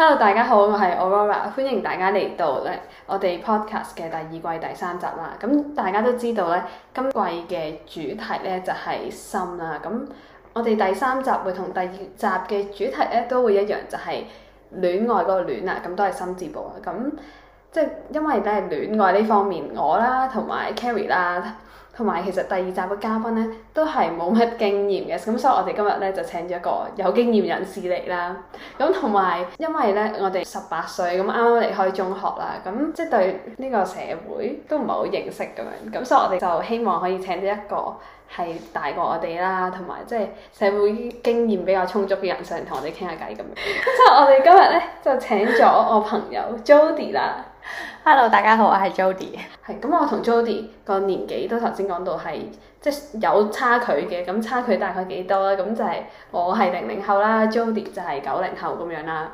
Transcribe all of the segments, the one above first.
Hello，大家好，我係 Aurora，歡迎大家嚟到咧我哋 podcast 嘅第二季第三集啦。咁大家都知道咧，今季嘅主題咧就係心啦。咁我哋第三集會同第二集嘅主題咧都會一樣，就係、是、戀愛嗰個戀啦。咁都係心字部啊。咁即係因為咧戀愛呢方面，我啦同埋 Carrie 啦。同埋其實第二集嘅嘉賓咧都係冇乜經驗嘅，咁所以我哋今日咧就請咗一個有經驗人士嚟啦。咁同埋因為咧我哋十八歲咁啱啱離開中學啦，咁即係對呢個社會都唔係好認識咁樣，咁所以我哋就希望可以請到一個係大過我哋啦，同埋即係社會經驗比較充足嘅人上嚟同我哋傾下偈咁樣。即係 我哋今日咧就請咗我朋友 Jody 啦。Hello，大家好，我係 Jody。係咁，我同 Jody 個年紀都頭先講到係，即係有差距嘅。咁差距大概幾多咧？咁就係我係零零後啦，Jody 就係九零後咁樣啦。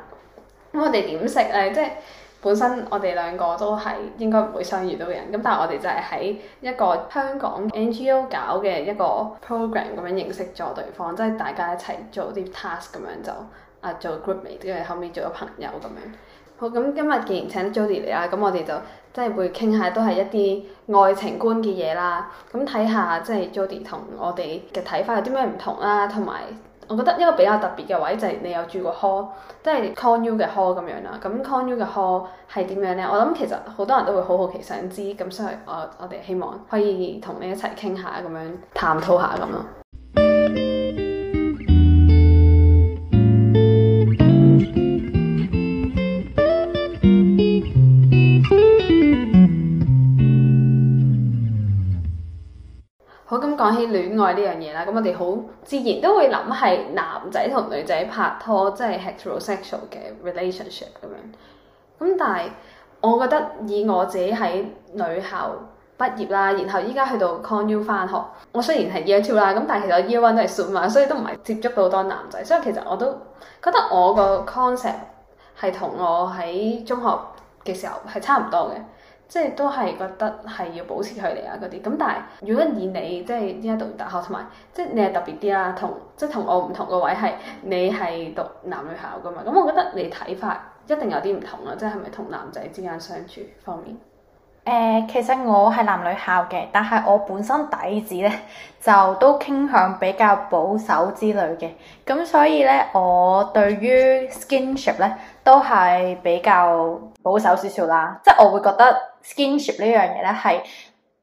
咁我哋點識咧？即係本身我哋兩個都係應該唔會相遇到嘅人。咁但係我哋就係喺一個香港 NGO 搞嘅一個 program 咁樣認識咗對方，即係大家一齊做啲 task 咁樣就啊做 groupmate，跟住後尾做咗朋友咁樣。好，咁今日既然請 Jody 嚟啦，咁我哋就即係會傾下都係一啲愛情觀嘅嘢啦。咁睇下即係 Jody 同我哋嘅睇法有啲咩唔同啦。同埋我覺得一個比較特別嘅位就係你有住過 hall，即係 cony 嘅 hall 咁樣啦。咁 cony 嘅 hall 係點樣呢？我諗其實好多人都會好好奇想知。咁所以我我哋希望可以同你一齊傾下，咁樣探討下咁咯。講起戀愛呢樣嘢啦，咁我哋好自然都會諗係男仔同女仔拍拖，即係 heterosexual 嘅 relationship 咁樣。咁但係我覺得以我自己喺女校畢業啦，然後依家去到 Con U 翻學，我雖然係 Year Two 啦，咁但係其實 Year One 都係算嘛，所以都唔係接觸到好多男仔。所以其實我都覺得我個 concept 係同我喺中學嘅時候係差唔多嘅。即係都係覺得係要保持距離啊，嗰啲，咁但係如果以你即係依家讀大學同埋，即係你係特別啲啦，同即係同我唔同個位係，你係讀男女校噶嘛？咁我覺得你睇法一定有啲唔同啦，即係係咪同男仔之間相處方面？誒、呃，其實我係男女校嘅，但係我本身底子咧就都傾向比較保守之類嘅，咁所以咧我對於 skinship 咧都係比較保守少少啦，即係我會覺得。skinship 呢樣嘢咧，係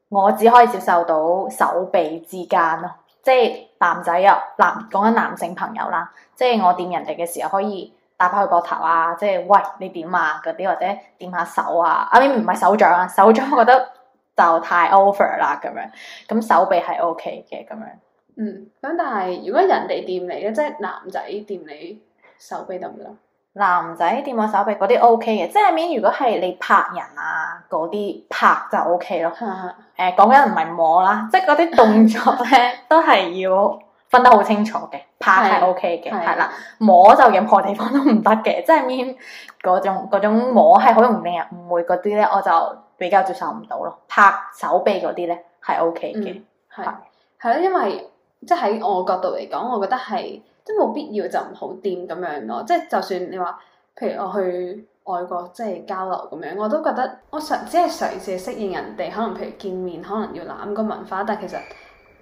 我只可以接受到手臂之間咯，即係男仔啊，男講緊男性朋友啦，即係我掂人哋嘅時候可以打翻佢個頭啊，即係喂你點啊嗰啲，或者掂下手啊，啱唔係手掌啊，手掌我覺得就太 over 啦咁樣，咁手臂係 OK 嘅咁樣。嗯，咁但係如果人哋掂你咧，即係男仔掂你手臂得唔得？男仔掂我手臂嗰啲 O K 嘅，即係面如果係你拍人啊嗰啲拍就 OK 咯。誒講緊唔係摸啦， 即係嗰啲動作咧都係要分得好清楚嘅，拍係 O K 嘅，係啦摸就任何地方都唔得嘅，即係面嗰種嗰種摸係好容易令人誤會嗰啲咧，我就比較接受唔到咯。拍手臂嗰啲咧係 O K 嘅，係係咯，因為即係喺我角度嚟講，我覺得係。都冇必要就唔好掂咁樣咯，即係就算你話，譬如我去外國即係交流咁樣，我都覺得我嘗只係嘗試適應人哋，可能譬如見面可能要攬個文化，但係其實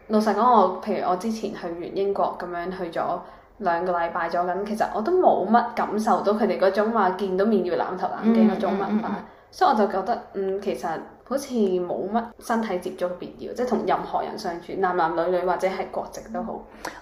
老實講，我譬如我之前去完英國咁樣去咗兩個禮拜咗咁，其實我都冇乜感受到佢哋嗰種話、啊、見到面要攬頭攬頸嗰種文化，mm hmm. 所以我就覺得嗯其實。好似冇乜身體接觸必要，即係同任何人相處，男男女女或者係國籍都好。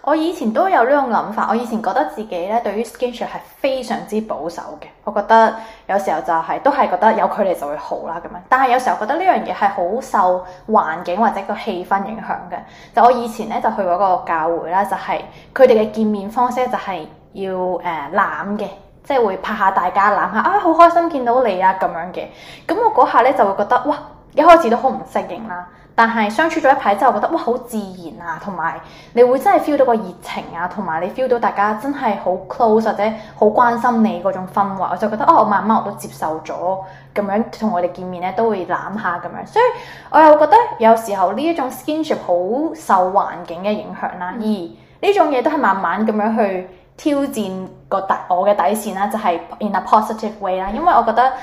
我以前都有呢種諗法，我以前覺得自己咧對於 skinship 係非常之保守嘅。我覺得有時候就係、是、都係覺得有距離就會好啦咁樣。但係有時候覺得呢樣嘢係好受環境或者個氣氛影響嘅。就我以前咧就去過一個教會啦，就係佢哋嘅見面方式就係要誒攬嘅，即、就、係、是、會拍下大家攬下啊，好開心見到你啊咁樣嘅。咁我嗰下咧就會覺得哇～一開始都好唔適應啦，但係相處咗一排之後，覺得哇好自然啊，同埋你會真係 feel 到個熱情啊，同埋你 feel 到大家真係好 close 或者好關心你嗰種氛圍，我就覺得哦，我慢慢我都接受咗，咁樣同我哋見面咧都會攬下咁樣，所以我又覺得有時候呢一種 skinship 好受環境嘅影響啦、啊，嗯、而呢種嘢都係慢慢咁樣去挑戰個我嘅底線啦、啊，就係、是、in a positive way 啦、啊，因為我覺得。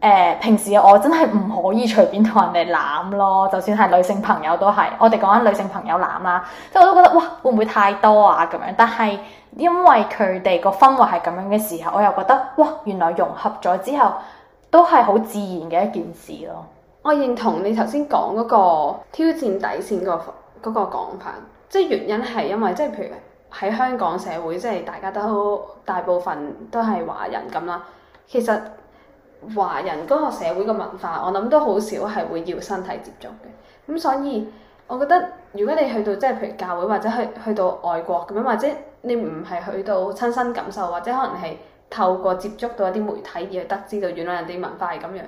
誒、呃、平時我真係唔可以隨便同人哋攬咯，就算係女性朋友都係，我哋講緊女性朋友攬啦，即係我都覺得哇，會唔會太多啊咁樣？但係因為佢哋個氛圍係咁樣嘅時候，我又覺得哇，原來融合咗之後都係好自然嘅一件事咯。我認同你頭先講嗰個挑戰底線個嗰個講法，即係原因係因為即係譬如喺香港社會，即係大家都大部分都係華人咁啦，其實。華人嗰個社會嘅文化，我諗都好少係會要身體接觸嘅。咁所以，我覺得如果你去到即係譬如教會或者去去到外國咁樣，或者你唔係去到親身感受，或者可能係透過接觸到一啲媒體而係得知到原來人哋文化係咁樣，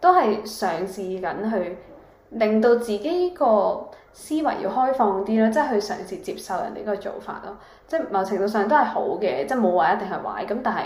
都係嘗試緊去令到自己個思維要開放啲咯，即係去嘗試接受人哋個做法咯。即係某程度上都係好嘅，即係冇話一定係壞咁，但係。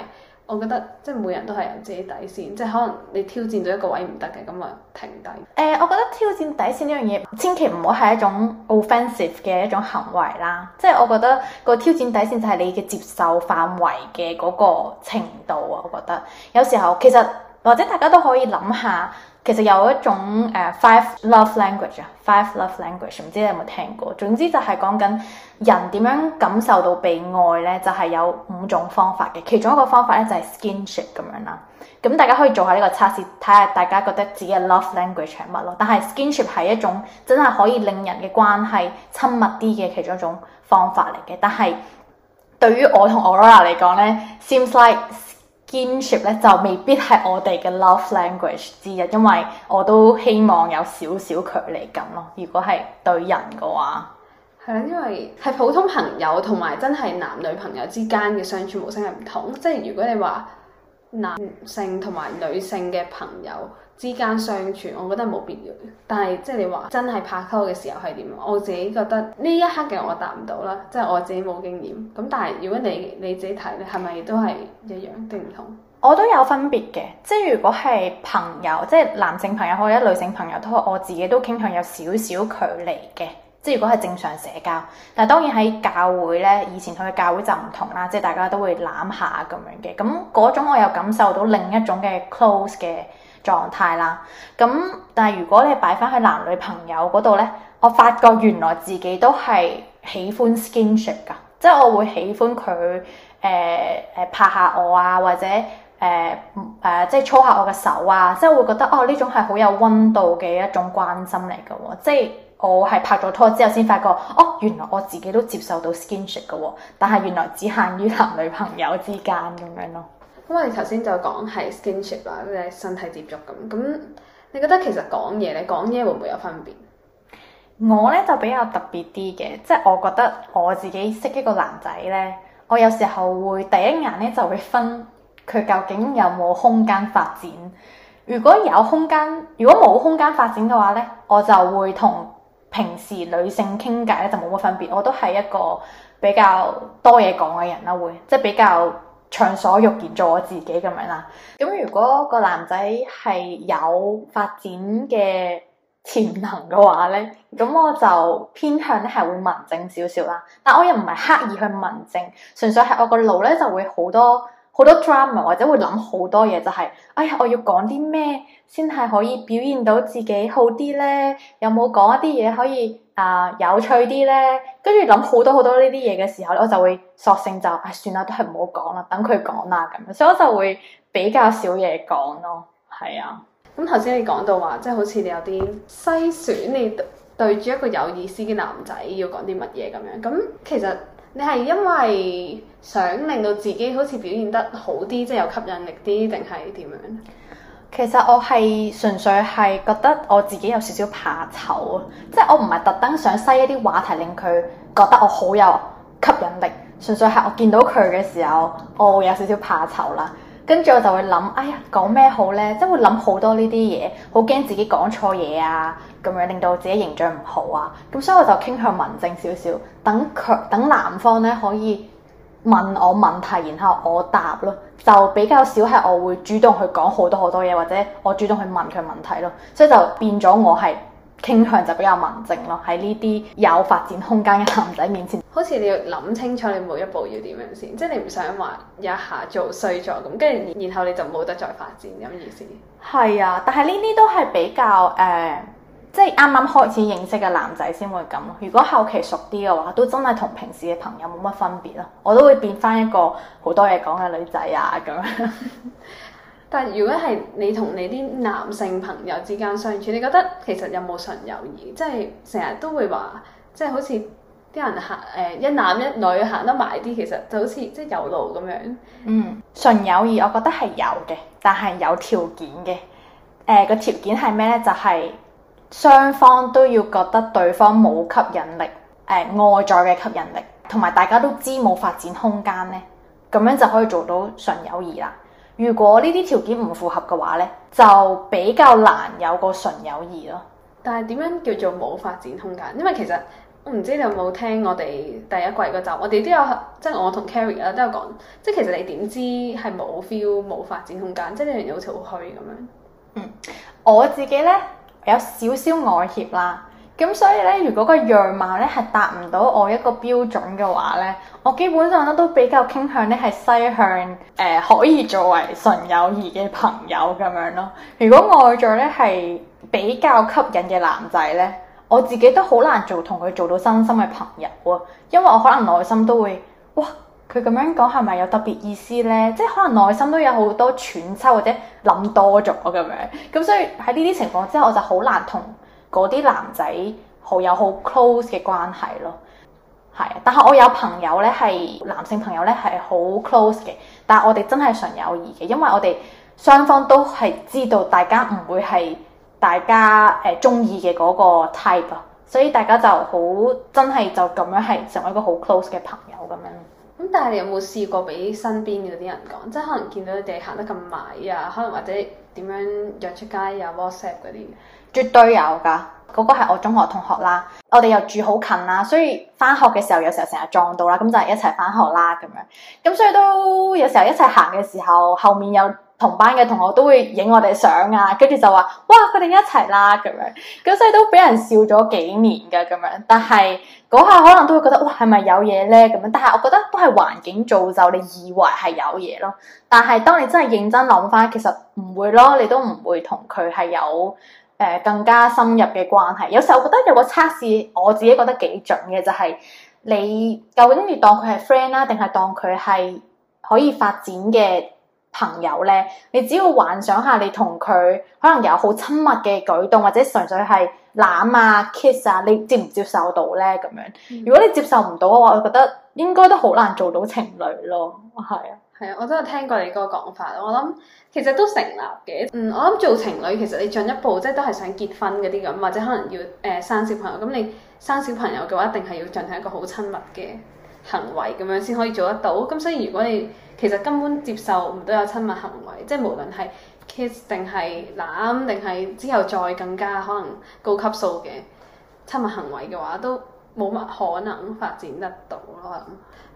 我覺得即係每人都係有自己底線，即係可能你挑戰咗一個位唔得嘅，咁啊停底。誒、欸，我覺得挑戰底線呢樣嘢，千祈唔好係一種 offensive 嘅一種行為啦。即係我覺得個挑戰底線就係你嘅接受範圍嘅嗰個程度啊。我覺得有時候其實或者大家都可以諗下。其實有一種誒、uh, five love language 啊，five love language 唔知你有冇聽過。總之就係講緊人點樣感受到被愛咧，就係有五種方法嘅。其中一個方法咧就係 skinship 咁樣啦。咁大家可以做下呢個測試，睇下大家覺得自己嘅 love language 係乜咯。但係 skinship 係一種真係可以令人嘅關係親密啲嘅其中一種方法嚟嘅。但係對於我同 Aurora 嚟講呢 seems like 堅 ship 咧就未必係我哋嘅 love language 之一，因為我都希望有少少距離感咯。如果係對人嘅話，係啊，因為係普通朋友同埋真係男女朋友之間嘅相處模式係唔同。即係如果你話男性同埋女性嘅朋友之間相處，我覺得冇必要。但係即係你話真係拍拖嘅時候係點？我自己覺得呢一刻嘅我答唔到啦，即係我自己冇經驗。咁但係如果你你自己睇咧，係咪都係一樣定唔同？我都有分別嘅，即係如果係朋友，即係男性朋友或者女性朋友，都我自己都傾向有少少距離嘅。即係如果係正常社交，但係當然喺教會咧，以前佢嘅教會就唔同啦，即係大家都會攬下咁樣嘅。咁嗰種我又感受到另一種嘅 close 嘅狀態啦，咁但係如果你擺翻去男女朋友嗰度咧，我發覺原來自己都係喜歡 skinship 㗎，即係我會喜歡佢誒誒拍下我啊，或者誒誒、呃呃、即係搓下我嘅手啊，即係會覺得哦呢種係好有溫度嘅一種關心嚟嘅喎，即係我係拍咗拖之後先發覺哦原來我自己都接受到 skinship 嘅喎，但係原來只限於男女朋友之間咁樣咯。咁我哋頭先就講係 skinship 啦，即係身體接觸咁。咁你覺得其實講嘢，你講嘢會唔會有分別？我咧就比較特別啲嘅，即係我覺得我自己識一個男仔咧，我有時候會第一眼咧就會分佢究竟有冇空間發展。如果有空間，如果冇空間發展嘅話咧，我就會同平時女性傾偈咧就冇乜分別。我都係一個比較多嘢講嘅人啦，會即係比較。暢所欲言做我自己咁樣啦。咁如果個男仔係有發展嘅潛能嘅話呢，咁我就偏向咧係會文靜少少啦。但我又唔係刻意去文靜，純粹係我個腦咧就會好多好多 drama 或者會諗好多嘢，就係，就係哎呀，我要講啲咩先係可以表現到自己好啲呢？有冇講一啲嘢可以？啊，有趣啲咧？跟住諗好多好多呢啲嘢嘅時候，我就會索性就，唉、啊，算啦，都係唔好講啦，等佢講啦咁樣，所以我就會比較少嘢講咯，係啊。咁頭先你講到話，即係好似你有啲篩選，你對住一個有意思嘅男仔要講啲乜嘢咁樣，咁其實你係因為想令到自己好似表現得好啲，即係有吸引力啲，定係點樣？其實我係純粹係覺、就是、覺得我自己有少少怕醜啊，即係我唔係特登想篩一啲話題令佢覺得我好有吸引力，純粹係我見到佢嘅時候，我、哦、會有少少怕醜啦。跟住我就會諗，哎呀講咩好呢？即係會諗好多呢啲嘢，好驚自己講錯嘢啊，咁樣令到自己形象唔好啊。咁所以我就傾向文靜少少，等佢等男方咧可以。問我問題，然後我答咯，就比較少係我會主動去講好多好多嘢，或者我主動去問佢問題咯，所以就變咗我係傾向就比較文靜咯。喺呢啲有發展空間嘅男仔面前，好似你要諗清楚你每一步要點樣先，即係你唔想話一下做衰咗咁，跟住然後你就冇得再發展咁意思。係啊，但係呢啲都係比較誒。呃即係啱啱開始認識嘅男仔先會咁咯。如果後期熟啲嘅話，都真係同平時嘅朋友冇乜分別咯。我都會變返一個好多嘢講嘅女仔啊，咁樣。 但係如果係你同你啲男性朋友之間相處，你覺得其實有冇純友誼？即係成日都會話，即係好似啲人行誒一男一女行得埋啲，其實就好似即係有路咁樣。嗯，純友誼我覺得係有嘅，但係有條件嘅。誒個條件係咩咧？就係。雙方都要覺得對方冇吸引力，誒、呃、外在嘅吸引力，同埋大家都知冇發展空間呢，咁樣就可以做到純友誼啦。如果呢啲條件唔符合嘅話呢，就比較難有個純友誼咯。但係點樣叫做冇發展空間？因為其實我唔知你有冇聽我哋第一季嗰集，我哋都有即係我同 Carrie 都有講，即係其實你點知係冇 feel 冇發展空間，即係啲人有啲好虛咁樣。我自己呢。有少少外協啦，咁所以咧，如果個樣貌咧係達唔到我一個標準嘅話咧，我基本上咧都比較傾向咧係西向，誒、呃、可以作為純友誼嘅朋友咁樣咯。如果外在咧係比較吸引嘅男仔咧，我自己都好難做同佢做到真心嘅朋友啊，因為我可能內心都會，哇！佢咁樣講係咪有特別意思呢？即係可能內心都有好多揣測或者諗多咗咁樣咁，所以喺呢啲情況之下，我就好難同嗰啲男仔好有好 close 嘅關係咯。係，但係我有朋友呢係男性朋友呢係好 close 嘅，但係我哋真係純友誼嘅，因為我哋雙方都係知道大家唔會係大家誒中意嘅嗰個 type，所以大家就好真係就咁樣係成為一個好 close 嘅朋友咁樣。咁但係你有冇試過俾身邊嗰啲人講，即係可能見到你哋行得咁埋啊，可能或者點樣約出街啊 WhatsApp 嗰啲， 絕對有㗎。嗰、嗰個係我中學同學啦，我哋又住好近啦，所以翻學嘅時候有時候成日撞到啦，咁就係一齊翻學啦咁樣。咁所以都有時候一齊行嘅時候，後面有同班嘅同學都會影我哋相啊，跟住就話：哇，佢哋一齊啦咁樣。咁 所以都俾人笑咗幾年嘅咁樣。但係嗰下可能都會覺得：哇，係咪有嘢咧？咁樣。但係我覺得都係環境造就你以為係有嘢咯。但係當你真係認真諗返，其實唔會咯。你都唔會同佢係有誒、呃、更加深入嘅關係。有時候我覺得有個測試，我自己覺得幾準嘅，就係、是、你究竟你當佢係 friend 啦，定係當佢係可以發展嘅？朋友咧，你只要幻想下，你同佢可能有好親密嘅舉動，或者純粹係攬啊、kiss 啊，你接唔接受到咧？咁樣，嗯、如果你接受唔到嘅話，我覺得應該都好難做到情侶咯。係啊，係啊，我真係聽過你嗰個講法，我諗其實都成立嘅。嗯，我諗做情侶其實你進一步即係都係想結婚嗰啲咁，或者可能要誒、呃、生小朋友咁，你生小朋友嘅話，一定係要進行一個好親密嘅行為咁樣先可以做得到。咁所以如果你其實根本接受唔到有親密行為，即係無論係 kiss 定係攬定係之後再更加可能高級數嘅親密行為嘅話，都冇乜可能發展得到咯。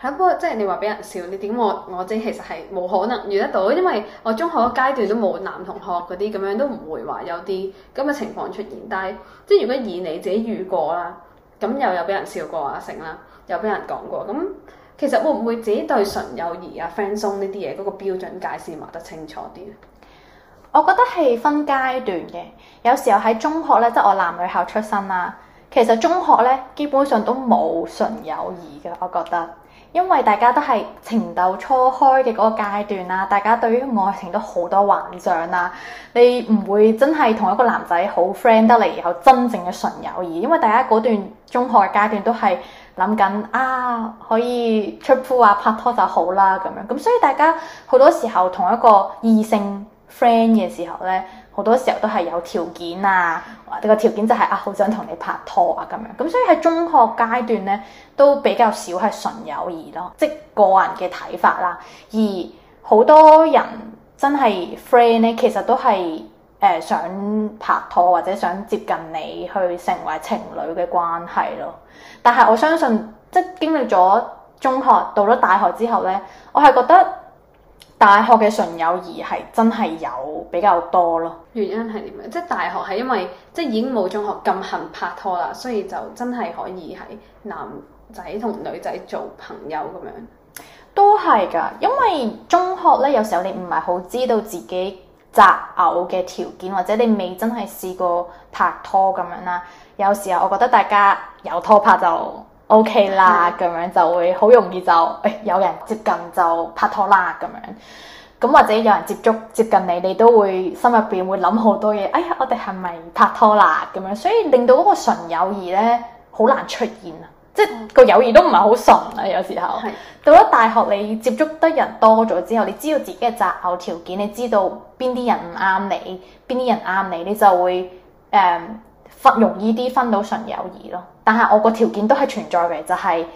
係，不過即係你話俾人笑，你點我我，即其實係冇可能遇得到，因為我中學階段都冇男同學嗰啲咁樣，都唔會話有啲咁嘅情況出現。但係即係如果以你自己遇過啦，咁又有俾人笑過啊成啦，又俾人講過咁。其實會唔會自己對純友誼啊、嗯、friend zone 呢啲嘢嗰個標準解釋埋得清楚啲咧？我覺得係分階段嘅。有時候喺中學咧，即、就、係、是、我男女校出身啦。其實中學咧基本上都冇純友誼嘅，我覺得，因為大家都係情竇初開嘅嗰個階段啦。大家對於愛情都好多幻想啦。你唔會真係同一個男仔好 friend 得嚟，有真正嘅純友誼。因為大家嗰段中學嘅階段都係。諗緊啊，可以出鋪啊，拍拖就好啦，咁樣咁、嗯，所以大家好多時候同一個異性 friend 嘅時候咧，好多時候都係有條件啊，呢、這個條件就係、是、啊，好想同你拍拖啊，咁樣咁、嗯，所以喺中學階段咧，都比較少係純友誼咯，即個人嘅睇法啦。而好多人真係 friend 咧，其實都係誒、呃、想拍拖或者想接近你去成為情侶嘅關係咯。但係我相信，即係經歷咗中學到咗大學之後咧，我係覺得大學嘅純友誼係真係有比較多咯。原因係點樣？即係大學係因為即係已經冇中學咁恨拍拖啦，所以就真係可以係男仔同女仔做朋友咁樣。都係噶，因為中學咧，有時候你唔係好知道自己擇偶嘅條件，或者你未真係試過拍拖咁樣啦。有時候我覺得大家有拖拍就 O、OK、K 啦，咁、嗯、樣就會好容易就誒、哎、有人接近就拍拖啦咁樣。咁或者有人接觸接近你，你都會心入邊會諗好多嘢。哎呀，我哋係咪拍拖啦？咁樣，所以令到嗰個純友誼咧，好難出現啊！即係個、嗯、友誼都唔係好純啊。有時候是到咗大學，你接觸得人多咗之後，你知道自己嘅擇偶條件，你知道邊啲人唔啱你，邊啲人啱你，你就會誒。嗯分容易啲分到純友誼咯，但係我個條件都係存在嘅，就係、是、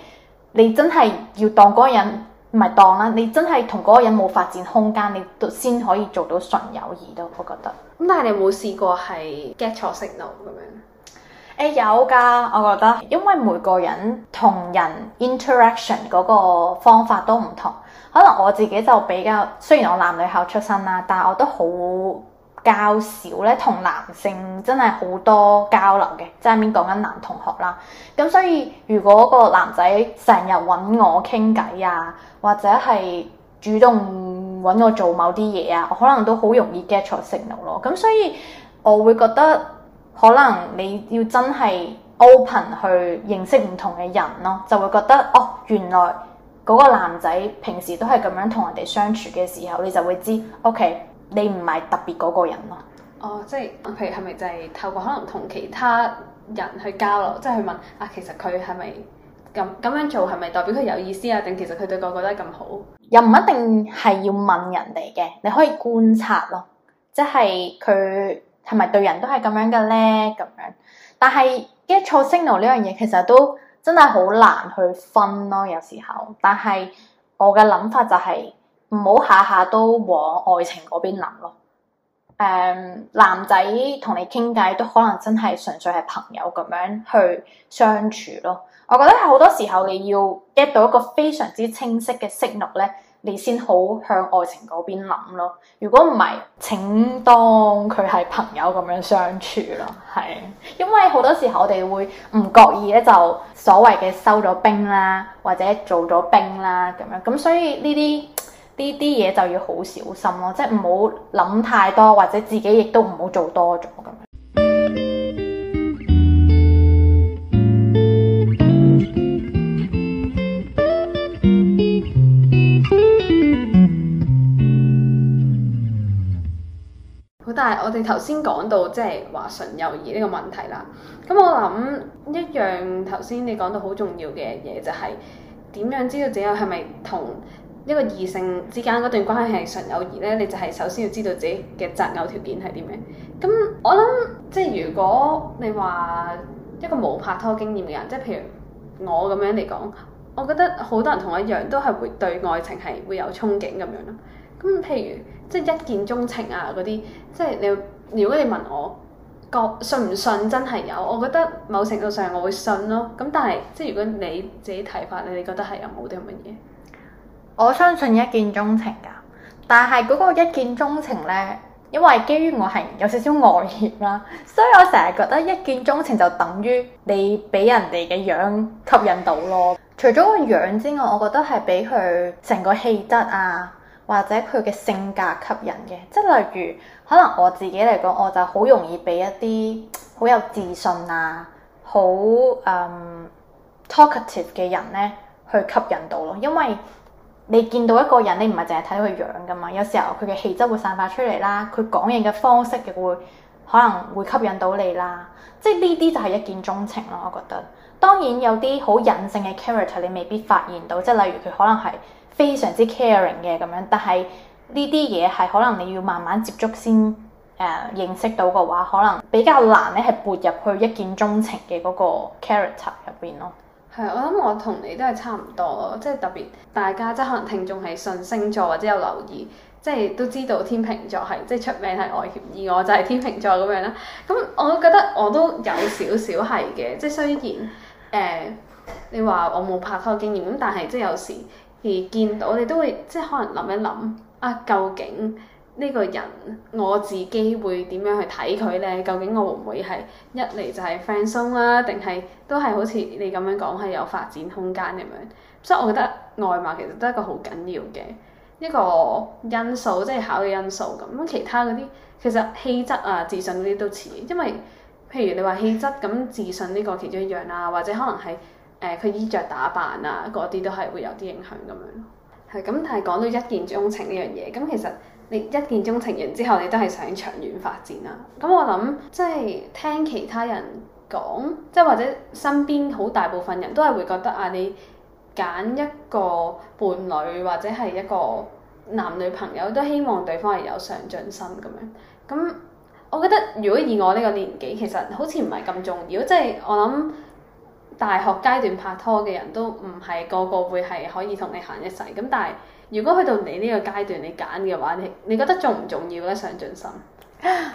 你真係要當嗰個人唔係當啦，你真係同嗰個人冇發展空間，你都先可以做到純友誼咯，我覺得。咁但係你冇試過係 get 錯 signal 咁樣？誒有噶，我覺得，因為每個人同人 interaction 嗰個方法都唔同，可能我自己就比較，雖然我男女校出身啦，但係我都好。較少咧，同男性真係好多交流嘅，即係面講緊男同學啦。咁所以如果個男仔成日揾我傾偈啊，或者係主動揾我做某啲嘢啊，我可能都好容易 get 到承諾咯。咁所以我會覺得，可能你要真係 open 去認識唔同嘅人咯、啊，就會覺得哦，原來嗰個男仔平時都係咁樣同人哋相處嘅時候，你就會知，OK。你唔係特別嗰個人咯、啊。哦，即係，譬如係咪就係透過可能同其他人去交流，即係去問啊，其實佢係咪咁咁樣做，係咪代表佢有意思啊？定其實佢對個個都係咁好？又唔一定係要問人哋嘅，你可以觀察咯。即係佢係咪對人都係咁樣嘅咧？咁樣。但係一錯 signal 呢樣嘢，其實都真係好難去分咯。有時候，但係我嘅諗法就係、是。唔好下下都往愛情嗰邊諗咯。誒、um，男仔同你傾偈都可能真係純粹係朋友咁樣去相處咯。我覺得好多時候你要 get 到一個非常之清晰嘅 signal 咧，你先好向愛情嗰邊諗咯。如果唔係，請當佢係朋友咁樣相處咯。係因為好多時候我哋會唔覺意咧，就所謂嘅收咗兵啦，或者做咗兵啦咁樣咁，所以呢啲。呢啲嘢就要好小心咯，即係唔好諗太多，或者自己亦都唔好做多咗咁樣。好，嗯，但係我哋頭先講到即係話純友誼呢個問題啦。咁我諗一樣頭先你講到好重要嘅嘢就係、是、點樣知道自己係咪同？一個異性之間嗰段關係係純友誼呢，你就係首先要知道自己嘅擇偶條件係啲咩。咁我諗即係如果你話一個冇拍拖經驗嘅人，即係譬如我咁樣嚟講，我覺得好多人同我一樣都係會對愛情係會有憧憬咁樣咯。咁譬如即係一見鍾情啊嗰啲，即係你如果你問我，覺信唔信真係有？我覺得某程度上我會信咯。咁但係即係如果你自己睇法，你覺得係有冇啲咁嘅嘢？我相信一見鍾情㗎，但係嗰個一見鍾情呢，因為基於我係有少少外向啦，所以我成日覺得一見鍾情就等於你俾人哋嘅樣吸引到咯。除咗個樣之外，我覺得係俾佢成個氣質啊，或者佢嘅性格吸引嘅。即係例如，可能我自己嚟講，我就好容易俾一啲好有自信啊、好、um, talkative 嘅人呢去吸引到咯，因為你見到一個人，你唔係淨係睇佢樣噶嘛？有時候佢嘅氣質會散發出嚟啦，佢講嘢嘅方式亦會可能會吸引到你啦。即係呢啲就係一見鍾情咯，我覺得。當然有啲好隱性嘅 character 你未必發現到，即係例如佢可能係非常之 caring 嘅咁樣，但係呢啲嘢係可能你要慢慢接觸先誒認識到嘅話，可能比較難咧係撥入去一見鍾情嘅嗰個 character 入邊咯。係，我諗我同你都係差唔多咯，即係特別大家即係可能聽眾係信星座或者有留意，即係都知道天秤座係即係出名係外協，而我就係天秤座咁樣啦。咁我覺得我都有少少係嘅， 即係雖然誒、呃，你話我冇拍拖經驗咁，但係即係有時而見到，你都會即係可能諗一諗啊，究竟。呢個人我自己會點樣去睇佢呢？究竟我會唔會係一嚟就係 friendzone 啦，定係都係好似你咁樣講係有發展空間咁樣？所以，我覺得外貌其實都係一個好緊要嘅一個因素，即係考慮因素咁。其他嗰啲其實氣質啊、自信嗰啲都似，因為譬如你話氣質咁自信呢個其中一樣啊，或者可能係誒佢衣着打扮啊嗰啲都係會有啲影響咁樣。係咁，但係講到一見鐘情呢樣嘢，咁其實。你一見鍾情完之後，你都係想長遠發展啦。咁我諗即係聽其他人講，即係或者身邊好大部分人都係會覺得啊，你揀一個伴侶或者係一個男女朋友，都希望對方係有上進心咁樣。咁我覺得如果以我呢個年紀，其實好似唔係咁重要。即係我諗大學階段拍拖嘅人都唔係個個會係可以同你行一世。咁但係。如果去到你呢個階段，你揀嘅話，你你覺得重唔重要咧？上進心，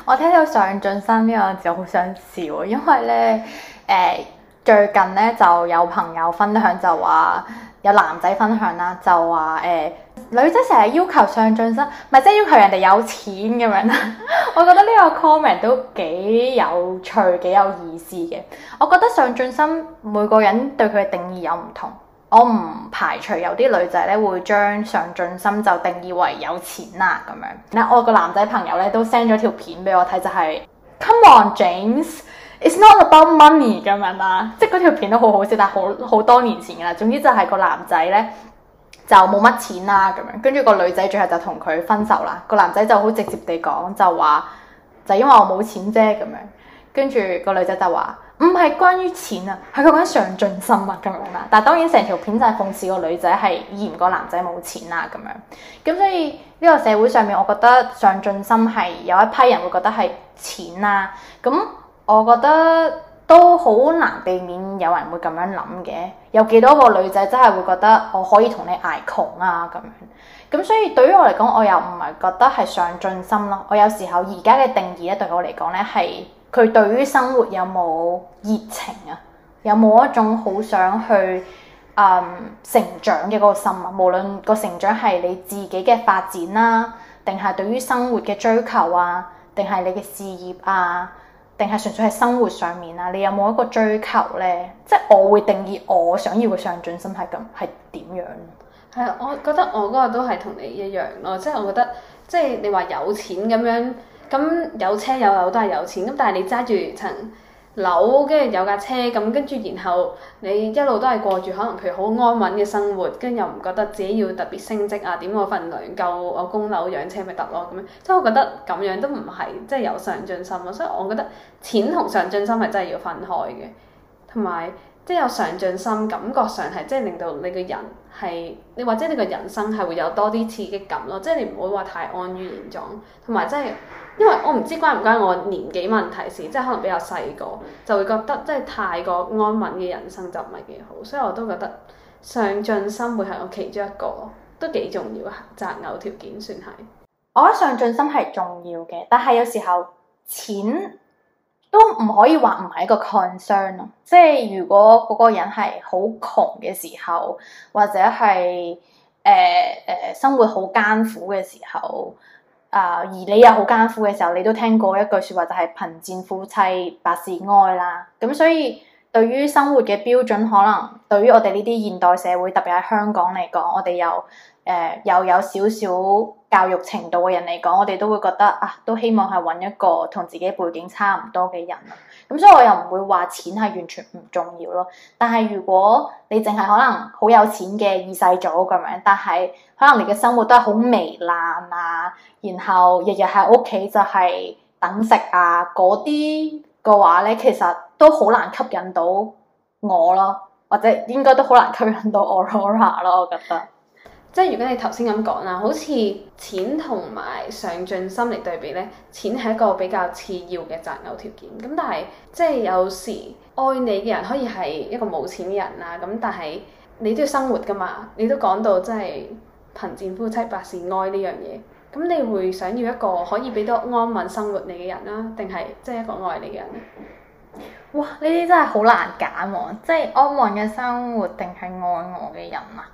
我聽到上進心呢個字我好想笑，因為咧，誒、欸、最近咧就有朋友分享就話有男仔分享啦，就話誒女仔成日要求上進心，咪即係要求人哋有錢咁樣啦。 我覺得呢個 comment 都幾有趣、幾有意思嘅。我覺得上進心每個人對佢嘅定義有唔同。我唔排除有啲女仔咧會將上進心就定義為有錢啦、啊、咁樣。嗱，我個男仔朋友咧都 send 咗條片俾我睇，就係、是、Come on James, it's not about money 咁樣啦。即係嗰條片都好好笑，但係好好多年前嘅啦。總之就係個男仔咧就冇乜錢啦、啊、咁樣，跟住個女仔最後就同佢分手啦。個男仔就好直接地講，就話就是、因為我冇錢啫咁樣。跟住個女仔就話。唔係關於錢啊，係佢講上進心啊，咁樣啦。但係當然成條片就係諷刺個女仔係嫌個男仔冇錢啦、啊，咁樣。咁所以呢個社會上面，我覺得上進心係有一批人會覺得係錢啦、啊。咁我覺得都好難避免有人會咁樣諗嘅。有幾多個女仔真係會覺得我可以同你捱窮啊？咁樣，咁所以對於我嚟講，我又唔係覺得係上進心咯、啊。我有時候而家嘅定義咧，對我嚟講咧係。佢對於生活有冇熱情啊？有冇一種好想去誒成長嘅嗰個心啊？無論個成長係你自己嘅發展啦，定係對於生活嘅追求啊，定係你嘅事業啊，定係純粹係生活上面啊？你有冇一個追求咧？即係我會定義我想要嘅上進心係咁，係點樣？係啊，我覺得我嗰個都係同你一樣咯。即係我覺得，即係你話有錢咁樣。咁有車有樓都係有錢，咁但係你揸住層樓，跟住有架車，咁跟住然後你一路都係過住可能佢好安穩嘅生活，跟住又唔覺得自己要特別升職啊，點我份糧夠我供樓養車咪得咯，咁樣即係我覺得咁樣都唔係即係有上進心咯，所以我覺得錢同上進心係真係要分開嘅，同埋。即係有上進心，感覺上係即係令到你個人係你或者你個人生係會有多啲刺激感咯。即係你唔會話太安於現狀，同埋即係因為我唔知關唔關我年紀問題事，即係可能比較細個就會覺得即係太過安穩嘅人生就唔係幾好，所以我都覺得上進心會係我其中一個都幾重要嘅擇偶條件算係。我覺得上進心係重要嘅，但係有時候錢。都唔可以話唔係一個 concern 咯，即係如果嗰個人係好窮嘅時候，或者係誒誒生活好艱苦嘅時候，啊、呃、而你又好艱苦嘅時候，你都聽過一句説話就係貧賤夫妻百事哀啦。咁所以對於生活嘅標準，可能對於我哋呢啲現代社會，特別喺香港嚟講，我哋又誒又有少少。教育程度嘅人嚟講，我哋都會覺得啊，都希望係揾一個同自己背景差唔多嘅人。咁所以我又唔會話錢係完全唔重要咯。但係如果你淨係可能好有錢嘅二世祖咁樣，但係可能你嘅生活都係好糜爛啊，然後日日喺屋企就係等食啊嗰啲嘅話呢，其實都好難吸引到我咯，或者應該都好難吸引到 Aurora 咯，我覺得。即係如果你頭先咁講啦，好似錢同埋上進心嚟對比呢，錢係一個比較次要嘅擇偶條件。咁但係即係有時愛你嘅人可以係一個冇錢嘅人啊。咁但係你都要生活噶嘛。你都講到即係貧賤夫妻百事哀呢樣嘢。咁你會想要一個可以俾到安穩生活你嘅人啦、啊，定係即係一個愛你嘅人？哇！呢啲真係好難揀喎、啊。即係安穩嘅生活定係愛我嘅人啊？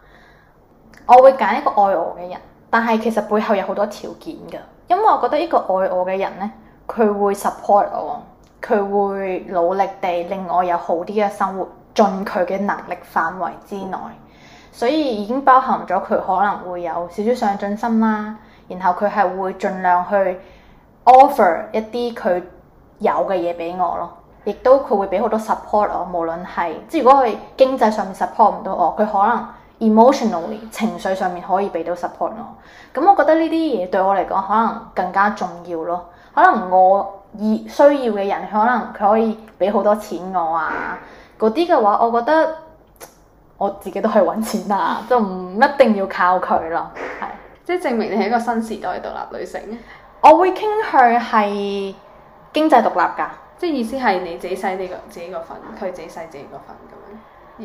我會揀一個愛我嘅人，但係其實背後有好多條件㗎，因為我覺得呢個愛我嘅人呢，佢會 support 我，佢會努力地令我有好啲嘅生活，盡佢嘅能力範圍之內。嗯、所以已經包含咗佢可能會有少少上進心啦，然後佢係會盡量去 offer 一啲佢有嘅嘢俾我咯，亦都佢會俾好多 support 我，無論係即係如果佢經濟上面 support 唔到我，佢可能。Emotionally, 情緒上面可以俾到 support 我，咁我覺得呢啲嘢對我嚟講可能更加重要咯。可能我以需要嘅人，可能佢可以俾好多錢我啊，嗰啲嘅話，我覺得我自己都可以揾錢啊，都唔 一定要靠佢咯。係，即係證明你係一個新時代獨立女性。我會傾向係經濟獨立㗎，即係意思係你自己使你、這個自己個份，佢自己使自己個份咁樣。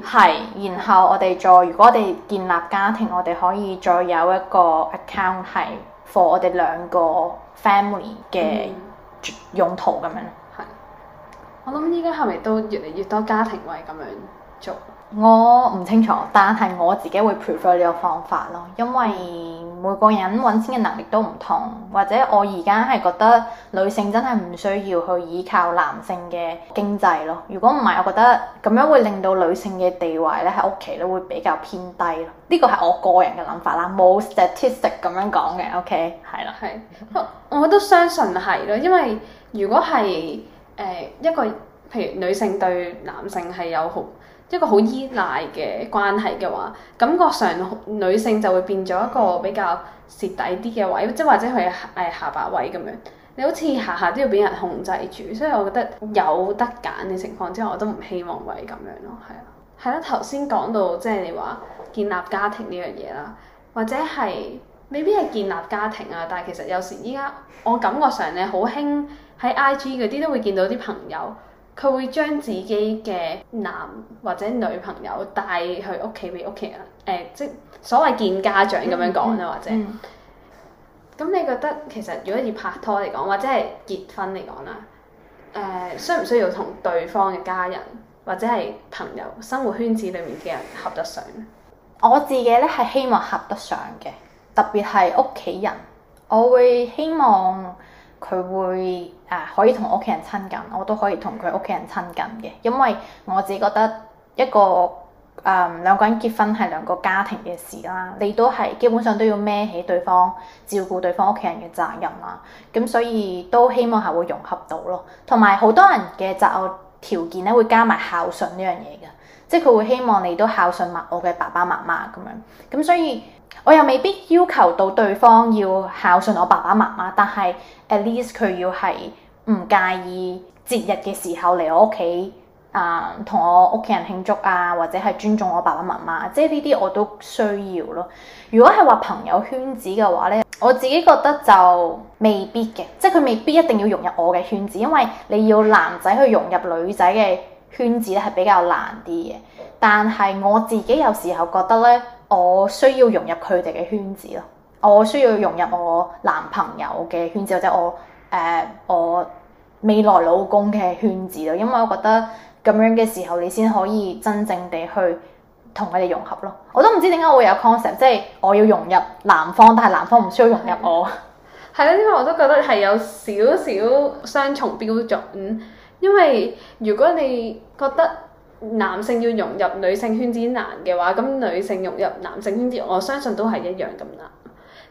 係，然後我哋再如果我哋建立家庭，我哋可以再有一個 account 係 for 我哋兩個 family 嘅用途咁樣。係、嗯，我諗依家係咪都越嚟越多家庭為咁樣做？我唔清楚，但係我自己會 prefer 呢個方法咯，因為，每個人揾錢嘅能力都唔同，或者我而家係覺得女性真係唔需要去依靠男性嘅經濟咯。如果唔係，我覺得咁樣會令到女性嘅地位咧喺屋企咧會比較偏低咯。呢個係我個人嘅諗法啦，冇 statistic 咁樣講嘅。OK，係啦，係。 我都相信係咯，因為如果係誒、呃、一個譬如女性對男性係有。好友好。一個好依賴嘅關係嘅話，感覺上女性就會變咗一個比較蝕底啲嘅位，即或者佢誒下巴位咁樣。你好似下下都要俾人控制住，所以我覺得有得揀嘅情況之下，我都唔希望係咁樣咯。係啊，係啦，頭先講到即係你話建立家庭呢樣嘢啦，或者係未必係建立家庭啊，但係其實有時依家我感覺上咧好興喺 IG 嗰啲都會見到啲朋友。佢會將自己嘅男或者女朋友帶去屋企俾屋企人，誒、呃，即所謂見家長咁樣講啦，嗯嗯、或者。咁、嗯、你覺得其實如果要拍拖嚟講，或者係結婚嚟講啦，誒、呃，需唔需要同對方嘅家人或者係朋友生活圈子裡面嘅人合得上？我自己咧係希望合得上嘅，特別係屋企人，我會希望佢會。啊，可以同屋企人親近，我都可以同佢屋企人親近嘅，因為我自己覺得一個誒兩個人結婚係兩個家庭嘅事啦，你都係基本上都要孭起對方照顧對方屋企人嘅責任啦，咁所以都希望係會融合到咯，同埋好多人嘅擇偶條件咧會加埋孝順呢樣嘢嘅，即係佢會希望你都孝順埋我嘅爸爸媽媽咁樣，咁所以。我又未必要求到對方要孝順我爸爸媽媽，但係 at least 佢要係唔介意節日嘅時候嚟我屋企啊，同、呃、我屋企人慶祝啊，或者係尊重我爸爸媽媽，即係呢啲我都需要咯。如果係話朋友圈子嘅話呢，我自己覺得就未必嘅，即係佢未必一定要融入我嘅圈子，因為你要男仔去融入女仔嘅圈子咧係比較難啲嘅。但係我自己有時候覺得呢。我需要融入佢哋嘅圈子咯，我需要融入我男朋友嘅圈子，或者我誒、呃、我未來老公嘅圈子咯，因為我覺得咁樣嘅時候，你先可以真正地去同佢哋融合咯。我都唔知點解我會有 concept，即係我要融入男方，但係男方唔需要融入我。係咯，因為我都覺得係有少少雙重標準，因為如果你覺得。男性要融入女性圈子難嘅話，咁女性融入男性圈子，我相信都係一樣咁難。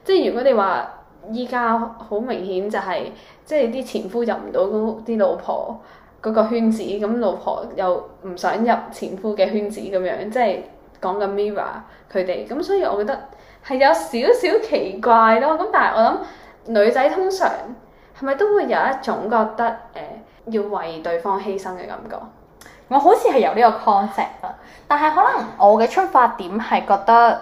即係如果你話依家好明顯就係、是、即係啲前夫入唔到啲老婆嗰個圈子，咁老婆又唔想入前夫嘅圈子咁樣，即係講緊 Mirror 佢哋，咁所以我覺得係有少少奇怪咯。咁但係我諗女仔通常係咪都會有一種覺得誒、呃、要為對方犧牲嘅感覺？我好似係有呢個 concept 啊，但係可能我嘅出發點係覺得，誒、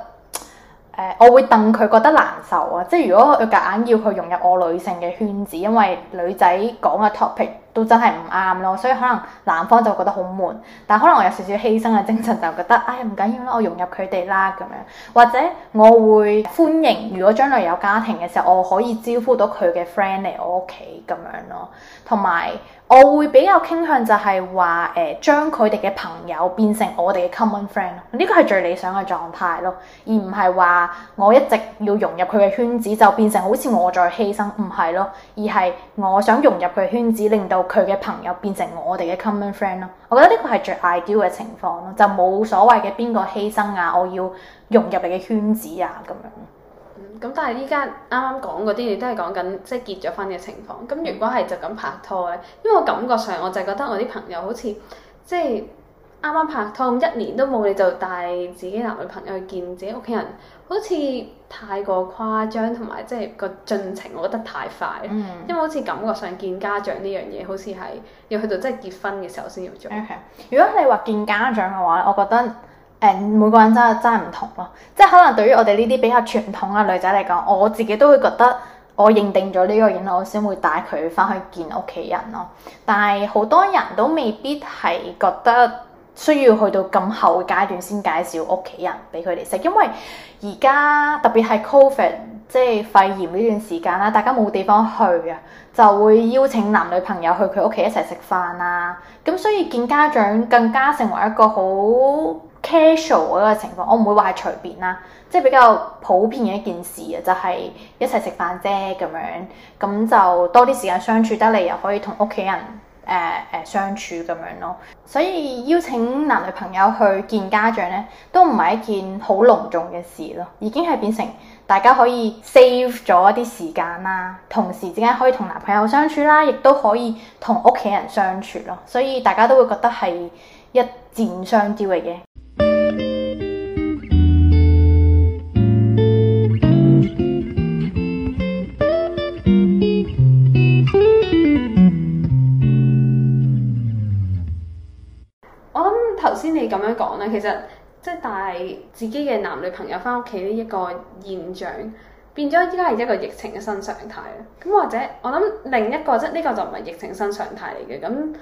呃，我會戥佢覺得難受啊！即係如果佢夾硬要佢融入我女性嘅圈子，因為女仔講嘅 topic 都真係唔啱咯，所以可能男方就覺得好悶。但可能我有少少犧牲嘅精神，就覺得，哎唔緊要啦，我融入佢哋啦咁樣，或者我會歡迎，如果將來有家庭嘅時候，我可以招呼到佢嘅 friend 嚟我屋企咁樣咯，同埋，我會比較傾向就係話誒，將佢哋嘅朋友變成我哋嘅 common friend，呢個係最理想嘅狀態咯，而唔係話我一直要融入佢嘅圈子，就變成好似我在犧牲，唔係咯，而係我想融入佢嘅圈子，令到佢嘅朋友變成我哋嘅 common friend 咯。我覺得呢個係最 ideal 嘅情況咯，就冇所謂嘅邊個犧牲啊，我要融入你嘅圈子啊，咁樣。咁但係依家啱啱講嗰啲，你都係講緊即係結咗婚嘅情況。咁如果係就咁拍拖咧，因為我感覺上我就係覺得我啲朋友好似即係啱啱拍拖咁一年都冇，你就帶自己男女朋友去見自己屋企人，好似太過誇張同埋即係個進程，我覺得太快。嗯。因為好似感覺上見家長呢樣嘢，好似係要去到即係結婚嘅時候先要做。Okay. 如果你話見家長嘅話，我覺得。每個人真係真係唔同咯，即係可能對於我哋呢啲比較傳統嘅女仔嚟講，我自己都會覺得我認定咗呢個人，我先會帶佢返去見屋企人咯。但係好多人都未必係覺得需要去到咁後嘅階段先介紹屋企人俾佢哋識，因為而家特別係 COVID 即係肺炎呢段時間啦，大家冇地方去啊，就會邀請男女朋友去佢屋企一齊食飯啊。咁所以見家長更加成為一個好 Casual 嗰個情況，我唔會話係隨便啦，即係比較普遍嘅一件事啊，就係、是、一齊食飯啫咁樣，咁就多啲時間相處得嚟，又可以同屋企人誒誒、呃呃、相處咁樣咯。所以邀請男女朋友去見家長咧，都唔係一件好隆重嘅事咯，已經係變成大家可以 save 咗一啲時間啦，同時之間可以同男朋友相處啦，亦都可以同屋企人相處咯，所以大家都會覺得係一箭雙雕嘅嘢。你咁樣講啦，其實即係帶自己嘅男女朋友翻屋企呢一個現象，變咗依家係一個疫情嘅新常態。咁或者我諗另一個，即係呢個就唔係疫情新常態嚟嘅。咁誒、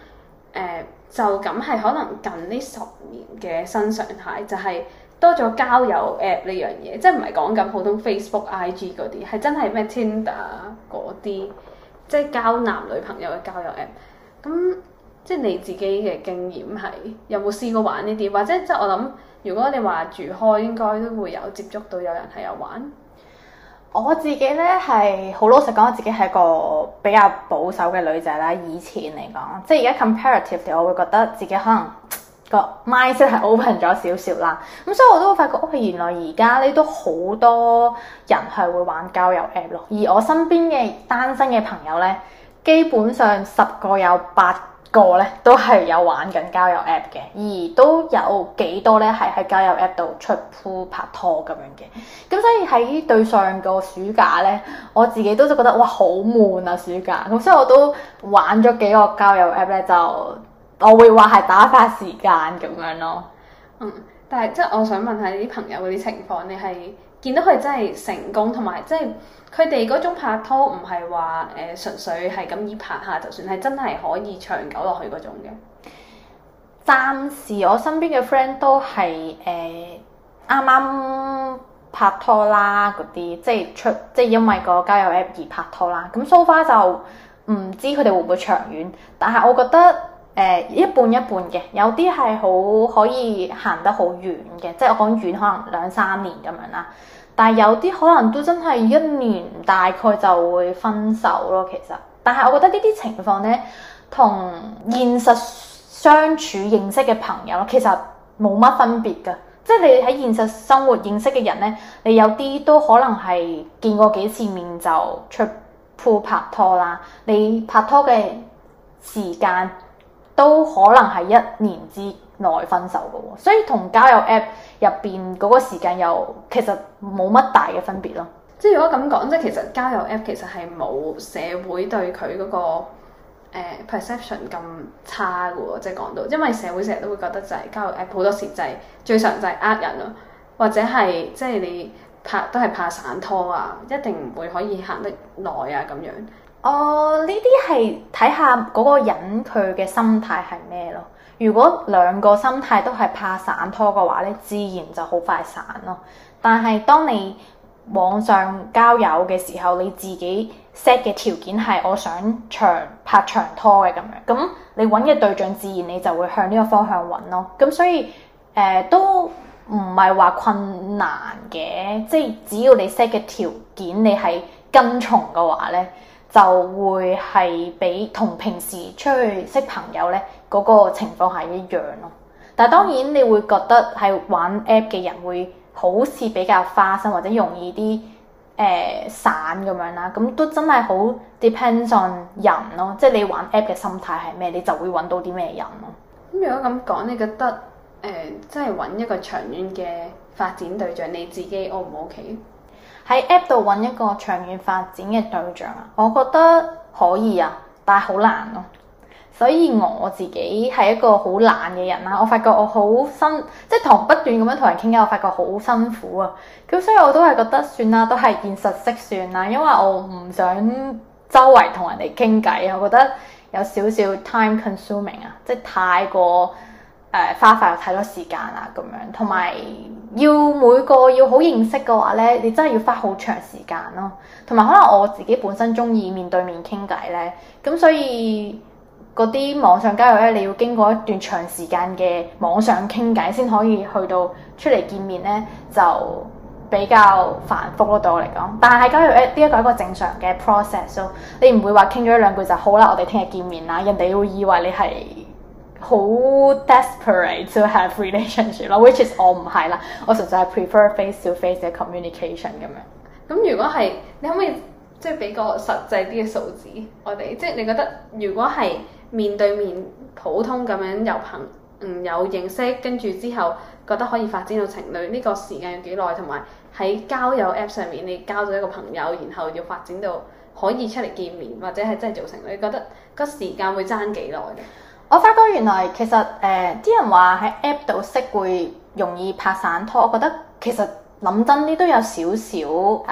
呃，就咁係可能近呢十年嘅新常態，就係、是、多咗交友 app 呢樣嘢，即係唔係講緊普通 Facebook、IG 嗰啲，係真係咩 Tinder 嗰啲，即係交男女朋友嘅交友 app 咁。即係你自己嘅經驗係有冇試過玩呢啲，或者即係我諗，如果你話住開，應該都會有接觸到有人係有玩我。我自己咧係好老實講，我自己係一個比較保守嘅女仔啦。以前嚟講，即係而家 comparative 地，我會覺得自己可能、這個 mindset 係 open 咗少少啦。咁、嗯、所以我都會發覺，哦，原來而家咧都好多人係會玩交友 app 咯。而我身邊嘅單身嘅朋友咧，基本上十個有八。個咧都係有玩緊交友 app 嘅，而都有幾多咧係喺交友 app 度出鋪拍拖咁樣嘅。咁所以喺對上個暑假咧，我自己都覺得哇，好悶啊暑假。咁所以我都玩咗幾個交友 app 咧，就我會話係打發時間咁樣咯。嗯，但係即係我想問下啲朋友嗰啲情況，你係。見到佢真係成功，同埋即係佢哋嗰種拍拖唔係話誒純粹係咁意拍下，就算係真係可以長久落去嗰種嘅。暫時我身邊嘅 friend 都係誒啱啱拍拖啦，嗰啲即係出即係因為個交友 app 而拍拖啦。咁蘇花就唔知佢哋會唔會長遠，但係我覺得。誒、呃、一半一半嘅，有啲係好可以行得好遠嘅，即係我講遠，可能兩三年咁樣啦。但係有啲可能都真係一年大概就會分手咯。其實，但係我覺得呢啲情況呢，同現實相處認識嘅朋友其實冇乜分別㗎，即係你喺現實生活認識嘅人呢，你有啲都可能係見過幾次面就出鋪拍拖啦。你拍拖嘅時間，都可能係一年之內分手嘅喎、哦，所以同交友 App 入邊嗰個時間又其實冇乜大嘅分別咯。即係如果咁講，即係其實交友 App 其實係冇社會對佢嗰個、呃、perception 咁差嘅喎。即係講到，因為社會成日都會覺得就係、是、交友 App 好多時就係、是、最常就係呃人咯，或者係即係你拍都係怕散拖啊，一定唔會可以行得耐啊咁樣。哦，呢啲係睇下嗰個人佢嘅心態係咩咯。如果兩個心態都係怕散拖嘅話咧，自然就好快散咯。但係當你網上交友嘅時候，你自己 set 嘅條件係我想長拍長拖嘅咁樣，咁你揾嘅對象自然你就會向呢個方向揾咯。咁所以誒、呃、都唔係話困難嘅，即係只要你 set 嘅條件，你係跟從嘅話咧。就會係比同平時出去識朋友咧嗰、那個情況係一樣咯。但係當然你會覺得係玩 app 嘅人會好似比較花心或者容易啲誒、呃、散咁樣啦。咁都真係好 depends on 人咯，即係你玩 app 嘅心態係咩，你就會揾到啲咩人咯。咁如果咁講，你覺得誒即係揾一個長遠嘅發展對象，你自己 O 唔 O K？喺 app 度揾一個長遠發展嘅對象啊，我覺得可以啊，但係好難咯。所以我自己係一個好懶嘅人啦。我發覺我好辛，即係同不斷咁樣同人傾偈，我發覺好辛苦啊。咁所以我都係覺得算啦，都係現實識算啦。因為我唔想周圍同人哋傾偈啊，我覺得有少少 time consuming 啊，即係太過。誒花費太多時間啦，咁樣同埋要每個要好認識嘅話咧，你真係要花好長時間咯。同埋可能我自己本身中意面對面傾偈咧，咁所以嗰啲網上交友咧，你要經過一段長時間嘅網上傾偈先可以去到出嚟見面咧，就比較繁複咯，對我嚟講。但係交友咧呢一個係一個正常嘅 process，你唔會話傾咗一兩句就好啦，我哋聽日見面啦，人哋會以為你係好 desperate to have relationship 咯，which is 我唔係啦，我實在係 prefer face-to-face 嘅 communication 咁樣。咁、嗯、如果係，你可唔可以即係俾個實際啲嘅數字我哋？即係你覺得如果係面對面普通咁樣由朋友嗯有認識，跟住之後覺得可以發展到情侶，呢、這個時間要幾耐？同埋喺交友 app 上面你交咗一個朋友，然後要發展到可以出嚟見面，或者係真係做情侶，你覺得個時間會爭幾耐嘅？我發覺原來其實誒啲、呃、人話喺 App 度識會,會容易拍散拖，我覺得其實諗真啲都有少少誒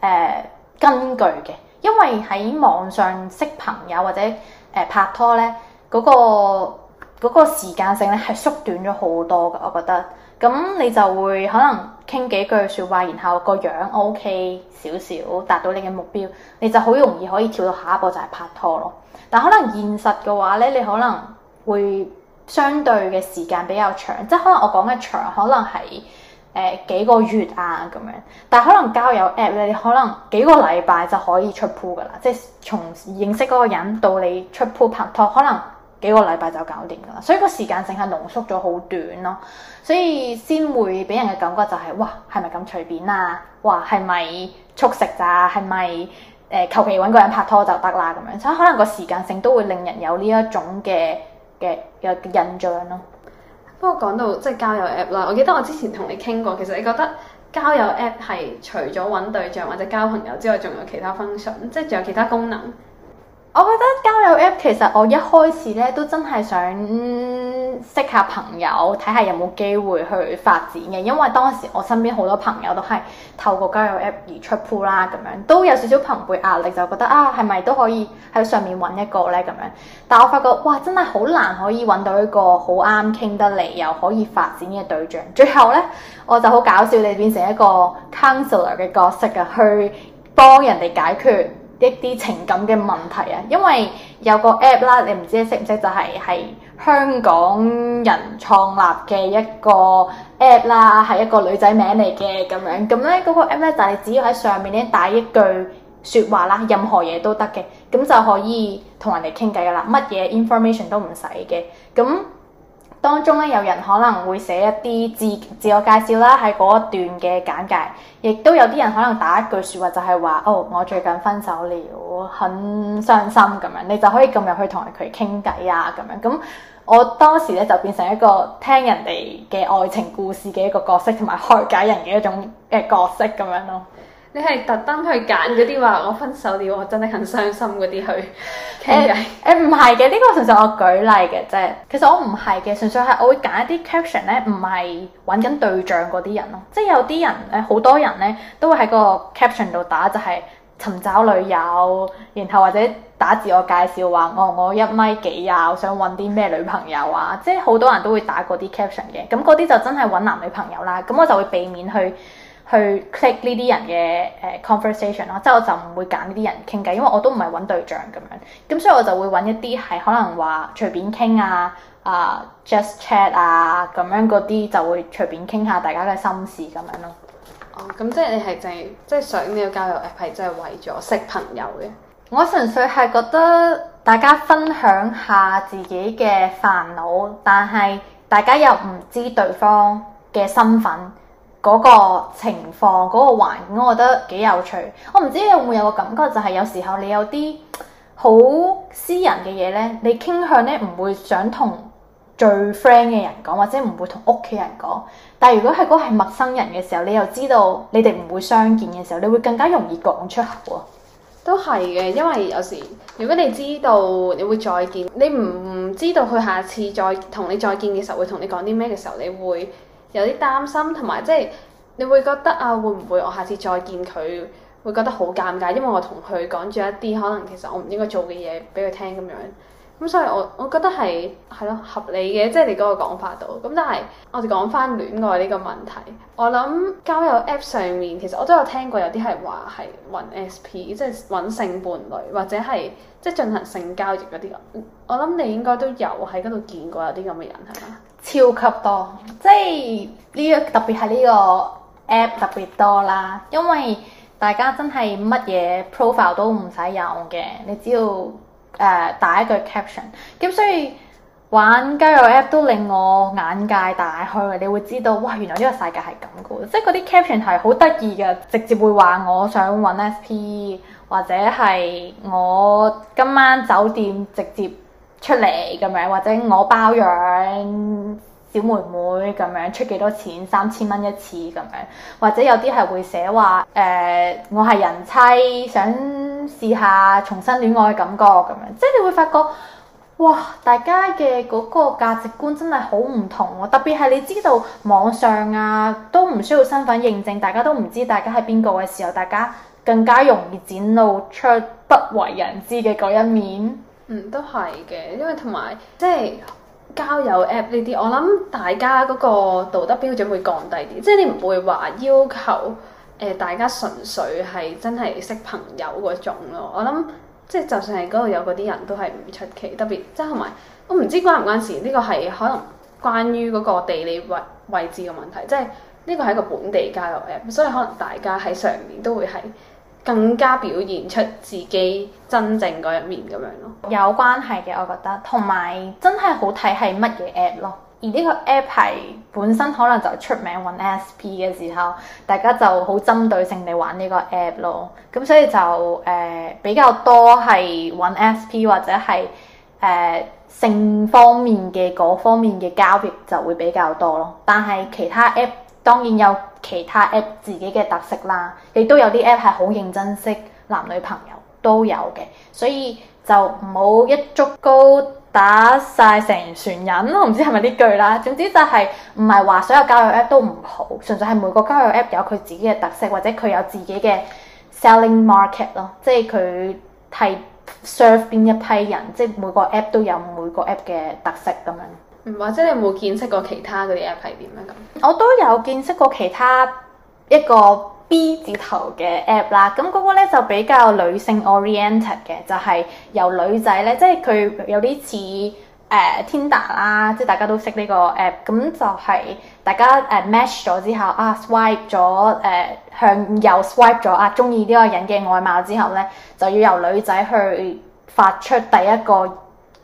誒根據嘅，因為喺網上識朋友或者誒、呃、拍拖咧，嗰、嗰個嗰、嗰個時間性咧係縮短咗好多嘅，我覺得。咁你就會可能傾幾句説話，然後個樣 OK 少少，達到你嘅目標，你就好容易可以跳到下一步就係拍拖咯。但可能現實嘅話咧，你可能會相對嘅時間比較長，即係可能我講嘅長可能係誒、呃、幾個月啊咁樣。但可能交友 App 咧，你可能幾個禮拜就可以出鋪㗎喇，即係從認識嗰個人到你出鋪拍拖，可能。幾個禮拜就搞掂㗎啦，所以個時間性係濃縮咗好短咯，所以先會俾人嘅感覺就係，哇，係咪咁隨便啊？哇，係咪速食咋？係咪誒求其揾個人拍拖就得啦咁樣？所以可能個時間性都會令人有呢一種嘅嘅有印象咯。不過講到即係交友 App 啦，我記得我之前同你傾過，其實你覺得交友 App 係除咗揾對象或者交朋友之外，仲有其他 function，即係仲有其他功能。我覺得交友 App 其實我一開始咧都真係想、嗯、識下朋友，睇下有冇機會去發展嘅。因為當時我身邊好多朋友都係透過交友 App 而出 pool 啦，咁樣都有少少朋輩壓力，就覺得啊，係咪都可以喺上面揾一個呢？咁樣？但我發覺哇，真係好難可以揾到一個好啱傾得嚟又可以發展嘅對象。最後呢，我就好搞笑，你變成一個 counselor 嘅角色嘅，去幫人哋解決。一啲情感嘅問題啊，因為有個 app 啦，你唔知識唔識就係係香港人創立嘅一個 app 啦，係一個女仔名嚟嘅咁樣，咁咧嗰個 app 咧就係只要喺上面咧打一句説話啦，任何嘢都得嘅，咁就可以同人哋傾偈噶啦，乜嘢 information 都唔使嘅，咁。當中咧有人可能會寫一啲自自我介紹啦，喺嗰一段嘅簡介，亦都有啲人可能打一句説話就係話，哦，我最近分手了，很傷心咁樣，你就可以咁入去同佢傾偈啊咁樣。咁我當時咧就變成一個聽人哋嘅愛情故事嘅一個角色，同埋開解人嘅一種嘅角色咁樣咯。你係特登去揀嗰啲話，我分手了，我真的很傷心，嗰啲去傾偈？唔係嘅，呢、呃呢個純粹我舉例嘅啫。其實我唔係嘅，純粹係我會揀一啲 caption 咧，唔係揾緊對象嗰啲人咯。即係有啲人咧，好多人咧都會喺個 caption 度打，就係、是、尋找女友，然後或者打自我介紹話，我我一米幾啊，我想揾啲咩女朋友啊。即係好多人都會打嗰啲 caption 嘅，咁嗰啲就真係揾男女朋友啦。咁我就會避免去去 click 呢啲人嘅誒 conversation 咯，即係我就唔會揀呢啲人傾偈，因為我都唔係揾對象咁樣，咁所以我就會揾一啲係可能話隨便傾啊啊 just chat 啊咁樣嗰啲就會隨便傾下大家嘅心事咁樣咯。哦、oh, 嗯，咁即係你係淨係即係想呢個交友 app 係即係為咗識朋友嘅？我純粹係覺得大家分享下自己嘅煩惱，但係大家又唔知對方嘅身份。嗰個情況，嗰個環境，我覺得幾有趣。我唔知你會唔會有個感覺，就係有時候你有啲好私人嘅嘢呢，你傾向呢唔會想同最 friend 嘅人講，或者唔會同屋企人講。但係如果係嗰係陌生人嘅時候，你又知道你哋唔會相見嘅時候，你會更加容易講出口啊。都係嘅，因為有時如果你知道你會再見，你唔知道佢下次再同你再見嘅時候會同你講啲咩嘅時候，你會，有啲擔心，同埋即係你會覺得啊，會唔會我下次再見佢會覺得好尷尬，因為我同佢講咗一啲可能其實我唔應該做嘅嘢俾佢聽咁樣。咁所以我我覺得係係咯合理嘅，即係你嗰個講法度。咁但係我哋講翻戀愛呢個問題，我諗交友 App 上面其實我都有聽過有啲係話係揾 SP 即係揾性伴侶或者係即係進行性交易嗰啲噶。我諗你應該都有喺嗰度見過有啲咁嘅人係嘛？超級多，即係呢、這個特別係呢個 app 特別多啦，因為大家真係乜嘢 profile 都唔使有嘅，你只要誒打一句 caption，咁、嗯、所以玩交友 app 都令我眼界大開。你會知道，哇，原來呢個世界係咁嘅，即係嗰啲 caption 係好得意嘅，直接會話我想揾 sp，或者係我今晚酒店直接。出嚟咁樣，或者我包養小妹妹咁樣，出幾多錢？三千蚊一次咁樣，或者有啲係會寫話誒，我係人妻，想試下重新戀愛嘅感覺咁樣。即係你會發覺，哇！大家嘅嗰個價值觀真係好唔同喎，特別係你知道網上啊都唔需要身份認證，大家都唔知大家係邊個嘅時候，大家更加容易展露出不為人知嘅嗰一面。嗯，都係嘅，因為同埋即係交友 app 呢啲，我諗大家嗰個道德標準會降低啲，即係你唔會話要求誒、呃、大家純粹係真係識朋友嗰種咯。我諗即係就算係嗰度有嗰啲人都係唔出奇，特別即係同埋我唔知關唔關事，呢、這個係可能關於嗰個地理位位置嘅問題，即係呢、這個係一個本地交友 app，所以可能大家喺上面都會係。更加表現出自己真正嗰一面咁樣咯，有關係嘅我覺得，同埋真係好睇係乜嘢 app 咯。而呢個 app 係本身可能就出名揾 SP 嘅時候，大家就好針對性地玩呢個 app 咯。咁所以就誒、呃、比較多係揾 SP 或者係誒、呃、性方面嘅嗰方面嘅交別就會比較多咯。但係其他 app 當然有。其他 app 自己嘅特色啦，亦都有啲 app 係好認真識男女朋友都有嘅，所以就唔好一竹篙打晒成船人，我唔知係咪呢句啦。總之就係唔係話所有交友 app 都唔好，純粹係每個交友 app 有佢自己嘅特色，或者佢有自己嘅 selling market 咯，即係佢係 serve 邊一批人，即係每個 app 都有每個 app 嘅特色咁樣。或者你有冇見識過其他嗰啲 app 係點咧咁？我都有見識過其他一個 B 字頭嘅 app 啦，咁嗰個咧就比較女性 oriented 嘅，就係、是、由女仔咧，即係佢有啲似誒 Tinder 啦，即係大家都識呢個 app，咁就係大家誒 match 咗之後啊，swipe 咗誒、啊、向右 swipe 咗啊，中意呢個人嘅外貌之後咧，就要由女仔去發出第一個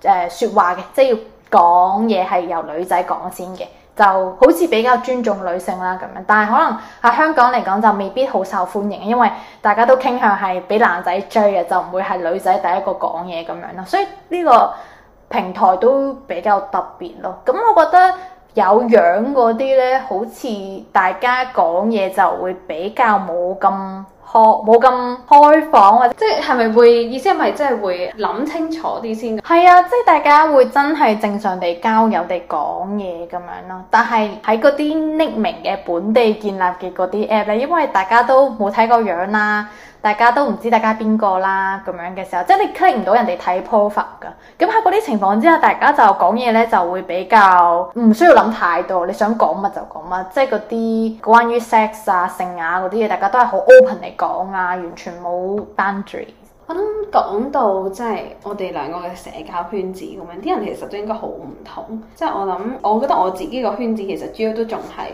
誒説、啊、話嘅，即係要。講嘢係由女仔講先嘅，就好似比較尊重女性啦咁樣。但係可能喺香港嚟講就未必好受歡迎，因為大家都傾向係俾男仔追嘅，就唔會係女仔第一個講嘢咁樣囉。所以呢個平台都比較特別囉。咁我覺得有樣嗰啲咧，好似大家講嘢就會比較冇咁。冇咁開放或者即係咪會意思係咪即係會諗清楚啲先？係啊，即係大家會真係正常地交友、地講嘢咁樣咯。但係喺嗰啲匿名嘅本地建立嘅嗰啲 app 咧，因為大家都冇睇過樣啦、啊。大家都唔知大家邊個啦咁樣嘅時候，即係你 click 唔到人哋睇 profile 噶。咁喺嗰啲情況之下，大家就講嘢咧就會比較唔需要諗太多。你想講乜就講乜，即係嗰啲關於 sex 啊、性啊嗰啲嘢，大家都係好 open 嚟講啊，完全冇 boundary。我諗講到即係我哋兩個嘅社交圈子咁樣，啲人其實都應該好唔同。即係我諗，我覺得我自己個圈子其實主要都仲係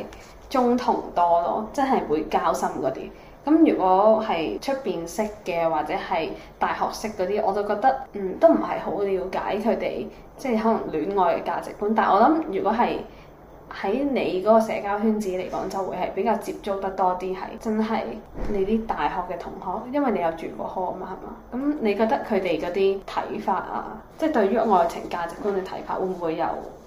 中同多咯，即係會交心嗰啲。咁如果係出邊識嘅，或者係大學識嗰啲，我都覺得嗯都唔係好了解佢哋，即係可能戀愛嘅價值觀。但係我諗，如果係喺你嗰個社交圈子嚟講，就會係比較接觸得多啲，係真係你啲大學嘅同學，因為你有住過科啊嘛，係嘛？咁你覺得佢哋嗰啲睇法啊，即係對於愛情價值觀嘅睇法，會唔會有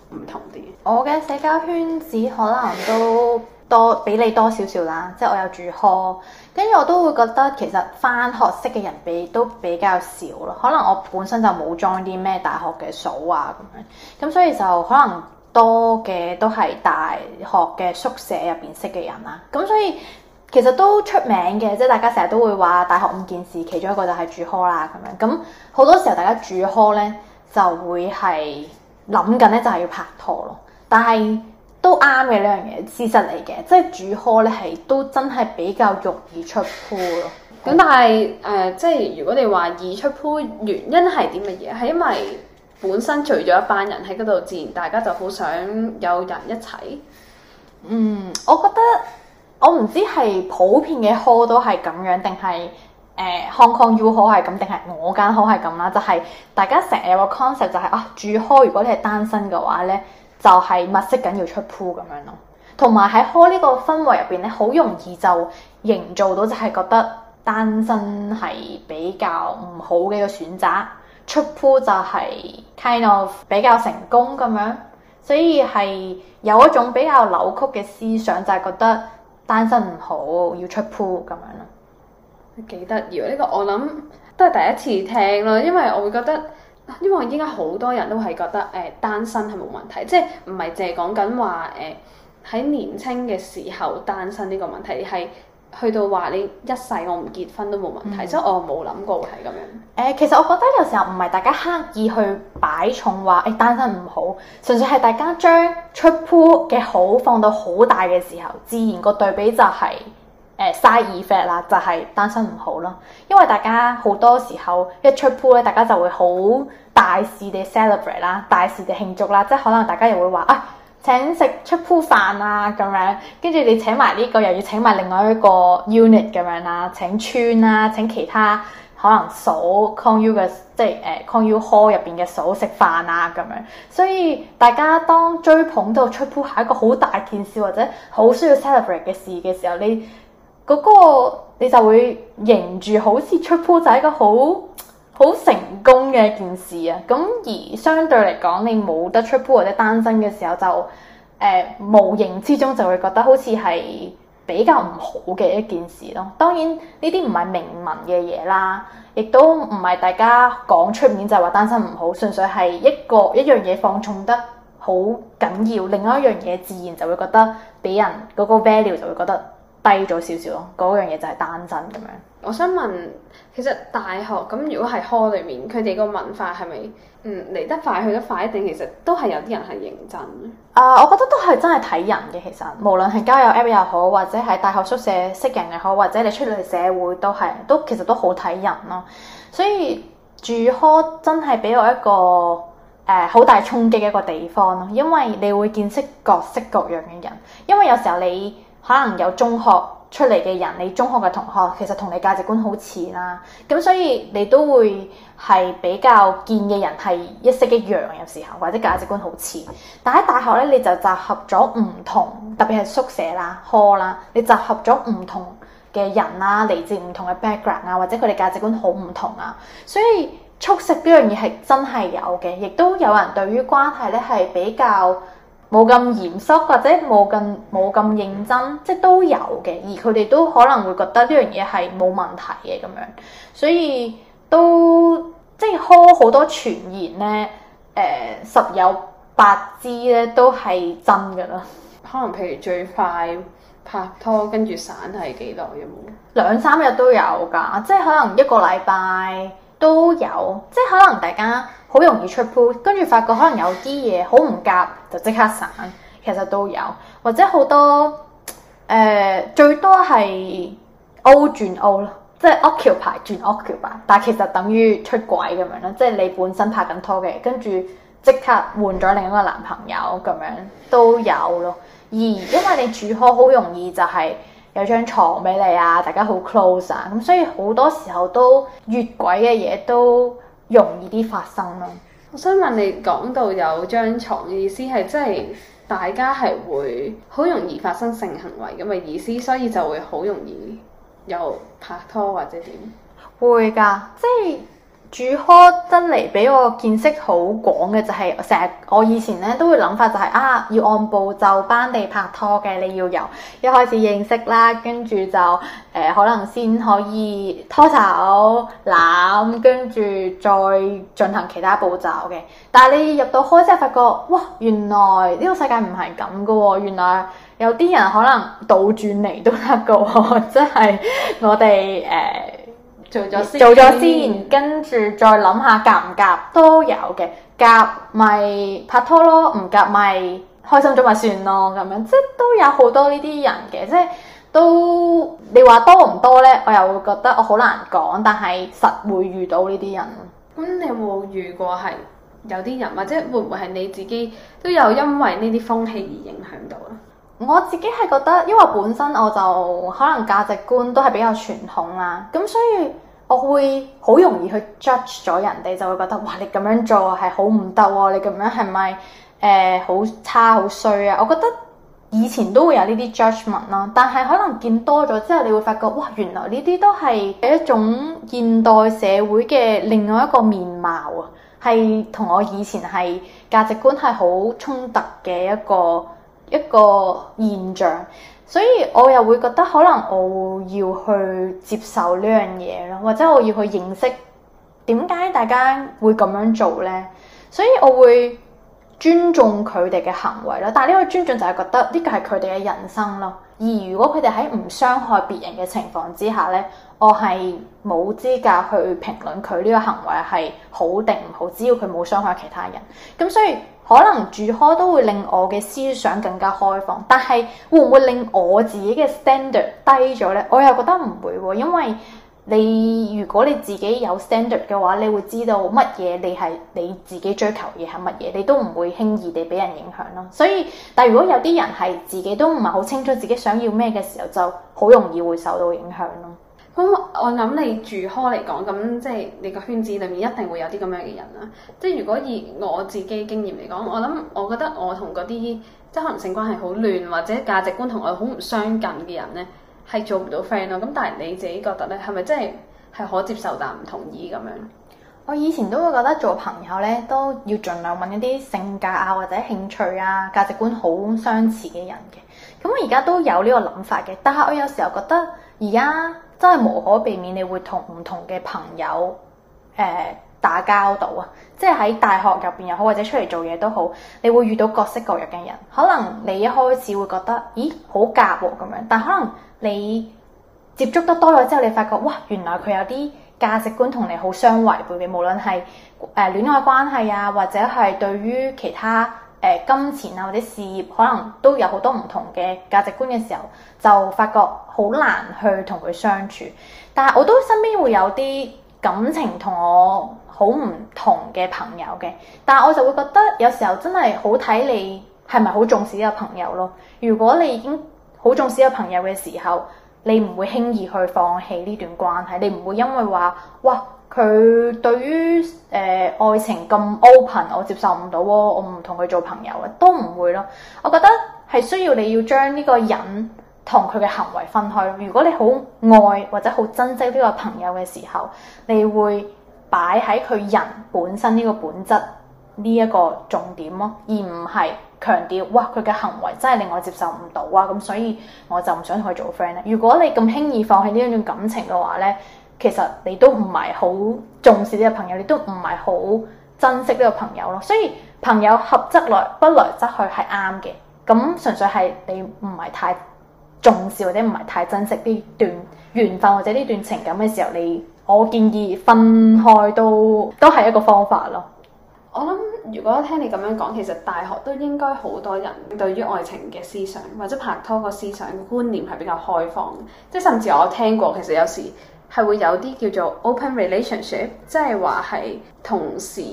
唔同啲？我嘅社交圈子可能都。 多比你多少少啦，即係我有住 hall，跟住我都會覺得其實返學識嘅人比都比較少咯，可能我本身就冇裝啲咩大學嘅數啊咁樣，咁所以就可能多嘅都係大學嘅宿舍入邊識嘅人啦，咁所以其實都出名嘅，即係大家成日都會話大學五件事，其中一個就係住 hall 啦咁樣，咁好多時候大家住 hall 咧就會係諗緊咧就係要拍拖咯，但係。都啱嘅呢樣嘢，事實嚟嘅，即係住 hall 咧，係都真係比較容易出鋪咯。咁、嗯、但係誒、呃，即係如果你話易出鋪，原因係點乜嘢？係因為本身除咗一班人喺嗰度，自然大家就好想有人一齊。嗯，我覺得我唔知係普遍嘅 hall 都係咁樣，定係誒 Hong Kong U hall 係咁，定係我間 hall 係咁啦。就係、是、大家成日有個 concept 就係、是、啊，住 hall 如果你係單身嘅話咧。就係物色緊要出鋪咁樣咯，同埋喺開呢個氛圍入邊咧，好容易就營造到就係覺得單身係比較唔好嘅一個選擇，出鋪就係 kind of 比較成功咁樣，所以係有一種比較扭曲嘅思想，就係、是、覺得單身唔好要出鋪咁樣咯。幾得意啊！呢、這個我諗都係第一次聽咯，因為我會覺得。因為依家好多人都係覺得誒、呃、單身係冇問題，即係唔係淨係講緊話誒喺年輕嘅時候單身呢個問題，係去到話你一世我唔結婚都冇問題，所以、嗯、我冇諗過會係咁樣誒、呃。其實我覺得有時候唔係大家刻意去擺重話誒、哎、單身唔好，純粹係大家將出 pool 嘅好放到好大嘅時候，自然個對比就係、是。誒 side effect 啦，就係、是、單身唔好咯。因為大家好多時候一出 pool 咧，大家就會好大肆地 celebrate 啦，大肆地慶祝啦。即係可能大家又會話啊，請食出 pool 飯啊咁樣。跟住你請埋、這、呢個，又要請埋另外一個 unit 咁樣啦，請村啊，請其他可能組 cony 嘅，即係誒 cony hall 入邊嘅組食飯啊咁樣，樣。所以大家當追捧到出 pool 係一個好大件事，或者好需要 celebrate 嘅事嘅時候，你嗰、那個你就會迎住，好似出鋪就係一個好好成功嘅一件事啊！咁而相對嚟講，你冇得出鋪或者單身嘅時候，就誒、呃、無形之中就會覺得好似係比較唔好嘅一件事咯。當然呢啲唔係明文嘅嘢啦，亦都唔係大家講出面就係話單身唔好，純粹係一個一樣嘢放縱得好緊要，另外一樣嘢自然就會覺得俾人嗰個 value 就會覺得。低咗少少咯，嗰樣嘢就係單真咁樣。我想問，其實大學咁如果係 hall 裏面，佢哋個文化係咪嗯，嚟得快去得快？定其實都係有啲人係認真啊、呃，我覺得都係真係睇人嘅。其實無論係交友 app 又好，或者係大學宿舍識人又好，或者你出嚟社會都係都其實都好睇人咯。所以住 hall 真係俾我一個誒好、呃、大衝擊嘅一個地方咯，因為你會見識各式各樣嘅人，因為有時候你。可能有中學出嚟嘅人，你中學嘅同學其實同你價值觀好似啦，咁所以你都會係比較見嘅人係一式一樣有時候，或者價值觀好似。但喺大學咧，你就集合咗唔同，特別係宿舍啦、科啦，你集合咗唔同嘅人啦，嚟自唔同嘅 background 啊，或者佢哋價值觀好唔同啊，所以促識呢樣嘢係真係有嘅，亦都有人對於關係咧係比較。冇咁嚴肅，或者冇咁冇咁認真，即係都有嘅。而佢哋都可能會覺得呢樣嘢係冇問題嘅咁樣，所以都即係呵好多傳言呢，誒、呃、十有八支咧都係真嘅啦。可能譬如最快拍拖跟住散係幾耐有冇？兩三日都有㗎，即係可能一個禮拜都有，即係可能大家。好容易出 pool，跟住發覺可能有啲嘢好唔夾，就即刻散。其實都有，或者好多誒、呃，最多係 O 轉 O 啦，即係屋橋牌轉屋橋牌，但係其實等於出軌咁樣啦，即係你本身拍緊拖嘅，跟住即刻換咗另一個男朋友咁樣都有咯。而因為你住好，好容易就係有張床俾你啊，大家好 close 啊，咁所以好多時候都越軌嘅嘢都。容易啲發生咯。我想問你講到有張床嘅意思係，即係大家係會好容易發生性行為咁嘅意思，所以就會好容易有拍拖或者點？會㗎，即係。主科真嚟俾我見識好廣嘅，就係成日我以前咧都會諗法就係、是、啊，要按部就班地拍拖嘅，你要由一開始認識啦，跟住就誒、呃、可能先可以拖手攬，跟住再進行其他步驟嘅。但係你入到開之後發覺哇，原來呢個世界唔係咁㗎喎，原來有啲人可能倒轉嚟都得㗎喎，真係我哋誒。呃做咗先，跟住再諗下夾唔夾都有嘅，夾咪拍拖咯，唔夾咪開心咗咪算咯，咁樣即係都有好多呢啲人嘅，即係都你話多唔多呢？我又會覺得我好難講，但係實會遇到呢啲人咯。咁你有冇遇過係有啲人，或者會唔會係你自己都有因為呢啲風氣而影響到咧？嗯、我自己係覺得，因為本身我就可能價值觀都係比較傳統啦，咁所以。我會好容易去 judge 咗人哋，就會覺得哇，你咁樣做係好唔得喎，你咁樣係咪誒好差好衰啊？我覺得以前都會有呢啲 judgement 囉，但係可能見多咗之後，你會發覺哇，原來呢啲都係一種現代社會嘅另外一個面貌啊，係同我以前係價值觀係好衝突嘅一個一個現象。所以我又會覺得可能我要去接受呢樣嘢咯，或者我要去認識點解大家會咁樣做呢。所以我會尊重佢哋嘅行為咯。但呢個尊重就係覺得呢個係佢哋嘅人生咯。而如果佢哋喺唔傷害別人嘅情況之下呢，我係冇資格去評論佢呢個行為係好定唔好。只要佢冇傷害其他人，咁所以。可能住開都會令我嘅思想更加開放，但係會唔會令我自己嘅 standard 低咗呢？我又覺得唔會喎，因為你如果你自己有 standard 嘅話，你會知道乜嘢你係你自己追求嘅係乜嘢，你都唔會輕易地俾人影響咯。所以，但係如果有啲人係自己都唔係好清楚自己想要咩嘅時候，就好容易會受到影響咯。咁我諗你住開嚟講，咁即係你個圈子裏面一定會有啲咁樣嘅人啦。即係如果以我自己經驗嚟講，我諗我覺得我同嗰啲即係可能性關係好亂，或者價值觀同我好唔相近嘅人咧，係做唔到 friend 咯。咁但係你自己覺得咧，係咪真係係可接受，但唔同意咁樣？我以前都會覺得做朋友咧都要盡量揾一啲性格啊或者興趣啊、價值觀好相似嘅人嘅。咁我而家都有呢個諗法嘅，但係我有時候覺得而家。真係無可避免，你會同唔同嘅朋友誒、呃、打交道啊！即係喺大學入邊又好，或者出嚟做嘢都好，你會遇到各式各樣嘅人。可能你一開始會覺得，咦，好夾喎咁樣，但可能你接觸得多咗之後，你發覺，哇，原來佢有啲價值觀同你好相違背嘅，無論係誒戀愛關係啊，或者係對於其他。誒金錢啊，或者事業，可能都有好多唔同嘅價值觀嘅時候，就發覺好難去同佢相處。但係我都身邊會有啲感情同我好唔同嘅朋友嘅，但係我就會覺得有時候真係好睇你係咪好重視呢個朋友咯。如果你已經好重視呢個朋友嘅時候，你唔會輕易去放棄呢段關係，你唔會因為話哇，佢對於誒、呃、愛情咁 open，我接受唔到喎，我唔同佢做朋友嘅都唔會咯。我覺得係需要你要將呢個人同佢嘅行為分開。如果你好愛或者好珍惜呢個朋友嘅時候，你會擺喺佢人本身呢個本質呢一個重點咯，而唔係強調哇佢嘅行為真係令我接受唔到啊！咁所以我就唔想同佢做 friend 咧。如果你咁輕易放棄呢一種感情嘅話咧，其實你都唔係好重視呢個朋友，你都唔係好珍惜呢個朋友咯，所以朋友合則來，不合則去係啱嘅。咁純粹係你唔係太重視或者唔係太珍惜呢段緣分或者呢段情感嘅時候，你我建議分開都都係一個方法咯。我諗如果聽你咁樣講，其實大學都應該好多人對於愛情嘅思想或者拍拖個思想觀念係比較開放，即係甚至我聽過其實有時。係會有啲叫做 open relationship，即係話係同時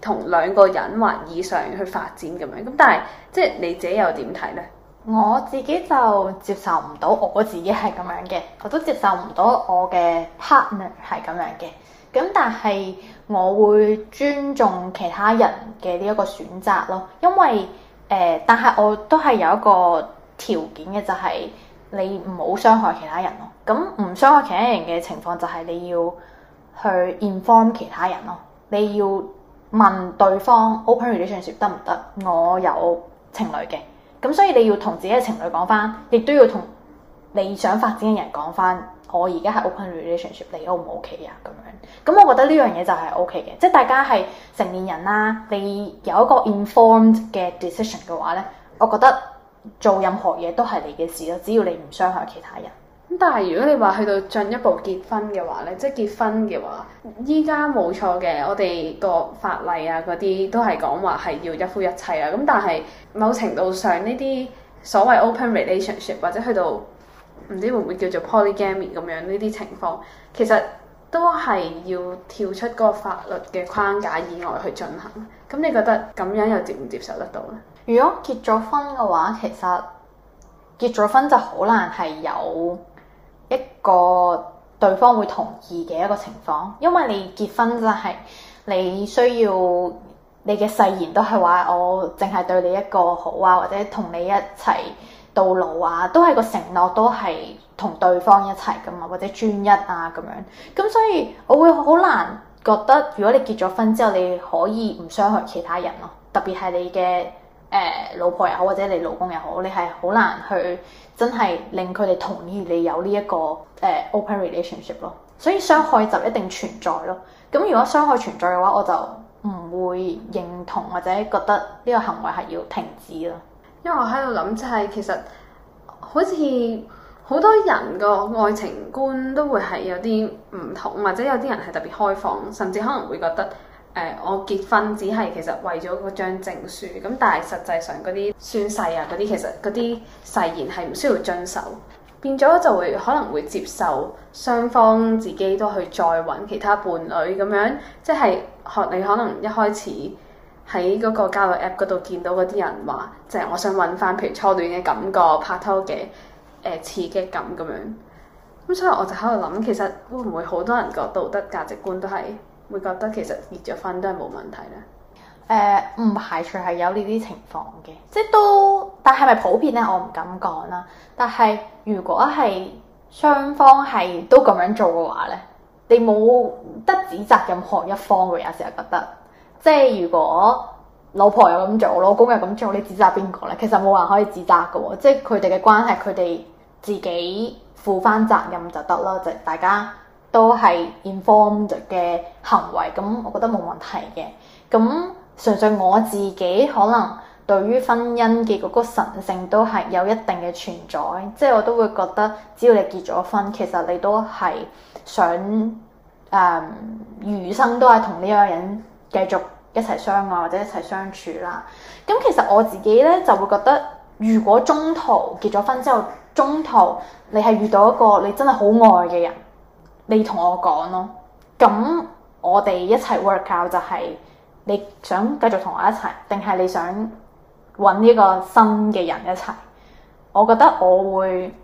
同兩個人或以上去發展咁樣。咁但係即係你自己又點睇呢？我自己就接受唔到我自己係咁樣嘅，我都接受唔到我嘅 partner 係咁樣嘅。咁但係我會尊重其他人嘅呢一個選擇咯。因為誒、呃，但係我都係有一個條件嘅，就係、是。你唔好傷害其他人咯。咁唔傷害其他人嘅情況就係你要去 inform 其他人咯。你要問對方 open relationship 得唔得？我有情侶嘅，咁所以你要同自己嘅情侶講翻，亦都要同你想發展嘅人講翻。我而家係 open relationship，你 O 唔 OK 啊？咁樣，咁我覺得呢樣嘢就係 OK 嘅。即係大家係成年人啦，你有一個 informed 嘅 decision 嘅話咧，我覺得。做任何嘢都係你嘅事咯，只要你唔傷害其他人。咁但係如果你話去到進一步結婚嘅話咧，即係結婚嘅話，依家冇錯嘅，我哋個法例啊嗰啲都係講話係要一夫一妻啊。咁但係某程度上呢啲所謂 open relationship，或者去到唔知會唔會叫做 polygamy 咁樣，呢啲情況其實都係要跳出嗰個法律嘅框架以外去進行。咁你覺得咁樣又接唔接受得到咧？如果結咗婚嘅話，其實結咗婚就好難係有一個對方會同意嘅一個情況，因為你結婚就係你需要你嘅誓言都係話我淨係對你一個好啊，或者同你一齊到老啊，都係個承諾都係同對方一齊㗎嘛，或者專一啊咁樣。咁所以我會好難覺得，如果你結咗婚之後，你可以唔傷害其他人囉，特別係你嘅。誒、呃、老婆又好，或者你老公又好，你係好難去真係令佢哋同意你有呢、這、一個誒、呃、open relationship 咯，所以傷害就一定存在咯。咁如果傷害存在嘅話，我就唔會認同或者覺得呢個行為係要停止啦。因為我喺度諗，就係其實好似好多人個愛情觀都會係有啲唔同，或者有啲人係特別開放，甚至可能會覺得。誒、呃，我結婚只係其實為咗嗰張證書，咁但係實際上嗰啲宣誓啊，嗰啲其實嗰啲誓言係唔需要遵守，變咗就會可能會接受雙方自己都去再揾其他伴侶咁樣，即係學你可能一開始喺嗰個交友 App 嗰度見到嗰啲人話，即、就、係、是、我想揾翻譬如初戀嘅感覺、拍拖嘅、呃、刺激感咁樣，咁所以我就喺度諗，其實會唔會好多人個道德價值觀都係？會覺得其實結咗婚都係冇問題咧。誒、呃，唔排除係有呢啲情況嘅，即係都，但係咪普遍咧？我唔敢講啦。但係如果係雙方係都咁樣做嘅話咧，你冇得指責任何一方嘅。有時候覺得，即係如果老婆又咁做，老公又咁做，你指責邊個咧？其實冇人可以指責㗎喎，即係佢哋嘅關係，佢哋自己負翻責任就得啦。就是、大家。都係 informed 嘅行為，咁我覺得冇問題嘅。咁純粹我自己可能對於婚姻嘅嗰個神聖都係有一定嘅存在，即係我都會覺得，只要你結咗婚，其實你都係想誒、嗯、餘生都係同呢個人繼續一齊相愛或者一齊相處啦。咁其實我自己咧就會覺得，如果中途結咗婚之後，中途你係遇到一個你真係好愛嘅人。你同我講咯，咁我哋一齊 work out 就係、是、你想繼續同我一齊，定係你想揾呢個新嘅人一齊？我覺得我會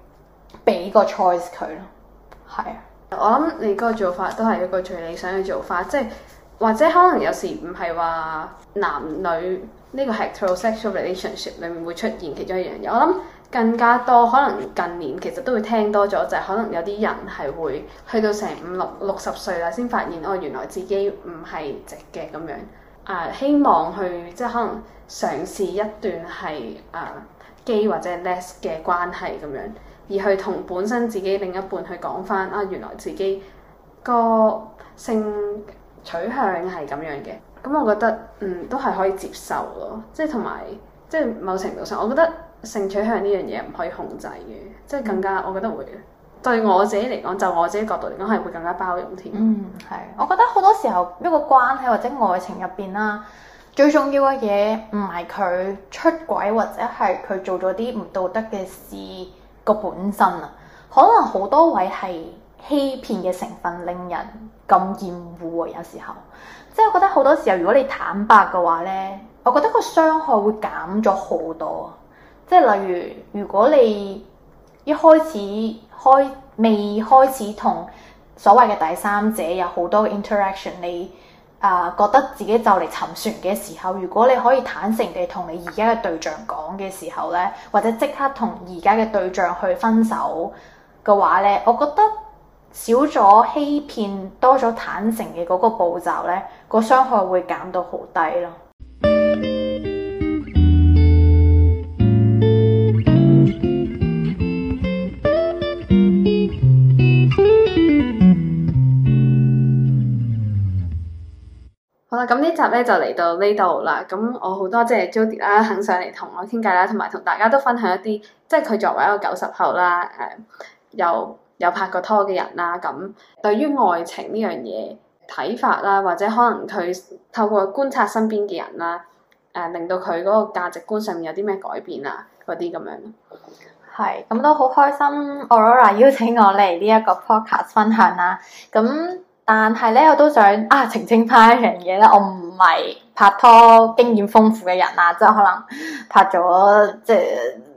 俾個 choice 佢咯，係啊。我諗你個做法都係一個最理想嘅做法，即、就、係、是、或者可能有時唔係話男女呢、這個 heterosexual relationship 裡面會出現其中一樣嘢，我諗。更加多可能近年其實都會聽多咗，就係、是、可能有啲人係會去到成五六六十歲啦，先發現哦，原來自己唔係直嘅咁樣。啊、呃，希望去即係可能嘗試一段係啊、呃、gay 或者 less 嘅關係咁樣，而去同本身自己另一半去講返啊，原來自己個性取向係咁樣嘅。咁、嗯、我覺得嗯都係可以接受咯，即係同埋即係某程度上，我覺得。性取向呢樣嘢唔可以控制嘅，即係更加，嗯、我覺得會嘅。對我自己嚟講，就我自己角度嚟講，係會更加包容添。嗯，係。我覺得好多時候一個關係或者愛情入邊啦，最重要嘅嘢唔係佢出軌或者係佢做咗啲唔道德嘅事個本身啊。可能好多位係欺騙嘅成分，令人咁厭惡啊。有時候即係我覺得好多時候，如果你坦白嘅話呢，我覺得個傷害會減咗好多。即係例如，如果你一開始開未開始同所謂嘅第三者有好多 interaction，你啊、呃、覺得自己就嚟沉船嘅時候，如果你可以坦誠地同你而家嘅對象講嘅時候咧，或者即刻同而家嘅對象去分手嘅話咧，我覺得少咗欺騙，多咗坦誠嘅嗰個步驟咧，個傷害會減到好低咯。好啦，咁呢集咧就嚟到呢度啦。咁我好多謝 Jody 啦，肯上嚟同我傾偈啦，同埋同大家都分享一啲，即係佢作為一個九十後啦，誒、呃，有有拍過拖嘅人啦，咁對於愛情呢樣嘢睇法啦，或者可能佢透過觀察身邊嘅人啦，誒、呃，令到佢嗰個價值觀上面有啲咩改變啊，嗰啲咁樣。係，咁都好開心，Aurora 邀請我嚟呢一個 podcast 分享啦。咁、嗯。但係咧，我都想啊澄清返一樣嘢咧，我唔係拍拖經驗豐富嘅人啊，即係可能拍咗即係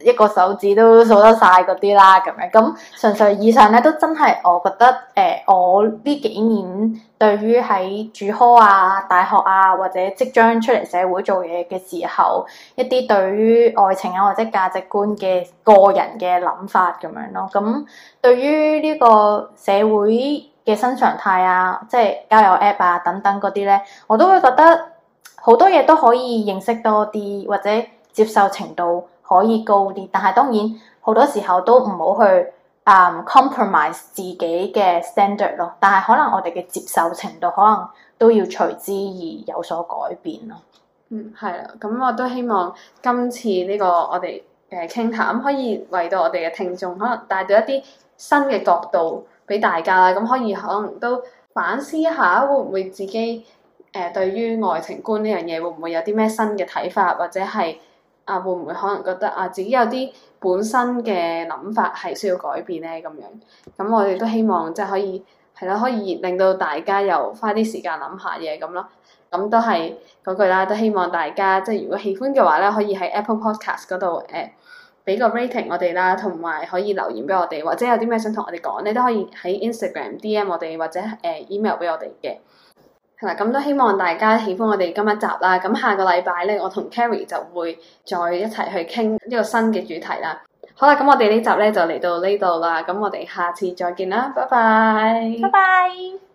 一個手指都數得晒嗰啲啦，咁樣咁純粹以上咧，都真係我覺得誒、呃，我呢幾年對於喺主科啊、大學啊或者即將出嚟社會做嘢嘅時候，一啲對於愛情啊或者價值觀嘅個人嘅諗法咁樣咯，咁、啊、對於呢個社會嘅新常態啊，即係交友 App 啊，等等嗰啲咧，我都會覺得好多嘢都可以認識多啲，或者接受程度可以高啲。但係當然好多時候都唔好去嗯、um, compromise 自己嘅 standard 咯。但係可能我哋嘅接受程度可能都要隨之而有所改變咯。嗯，係啦，咁我都希望今次呢個我哋誒傾談，可以為到我哋嘅聽眾可能帶到一啲新嘅角度。俾大家啦，咁可以可能都反思一下，會唔會自己誒、呃、對於愛情觀呢樣嘢，會唔會有啲咩新嘅睇法，或者係啊會唔會可能覺得啊自己有啲本身嘅諗法係需要改變呢？咁樣？咁、嗯、我哋都希望即係可以係啦，可以令到大家又花啲時間諗下嘢咁咯。咁、嗯、都係嗰句啦，都希望大家即係如果喜歡嘅話咧，可以喺 Apple Podcast 嗰度誒。呃俾個 rating 我哋啦，同埋可以留言俾我哋，或者有啲咩想同我哋講，你都可以喺 Instagram DM 我哋，或者誒、呃、email 俾我哋嘅。係啦，咁都希望大家喜歡我哋今日集啦。咁下個禮拜咧，我同 Carrie 就會再一齊去傾呢個新嘅主題啦。好啦，咁我哋呢集咧就嚟到呢度啦。咁我哋下次再見啦，拜拜，拜拜。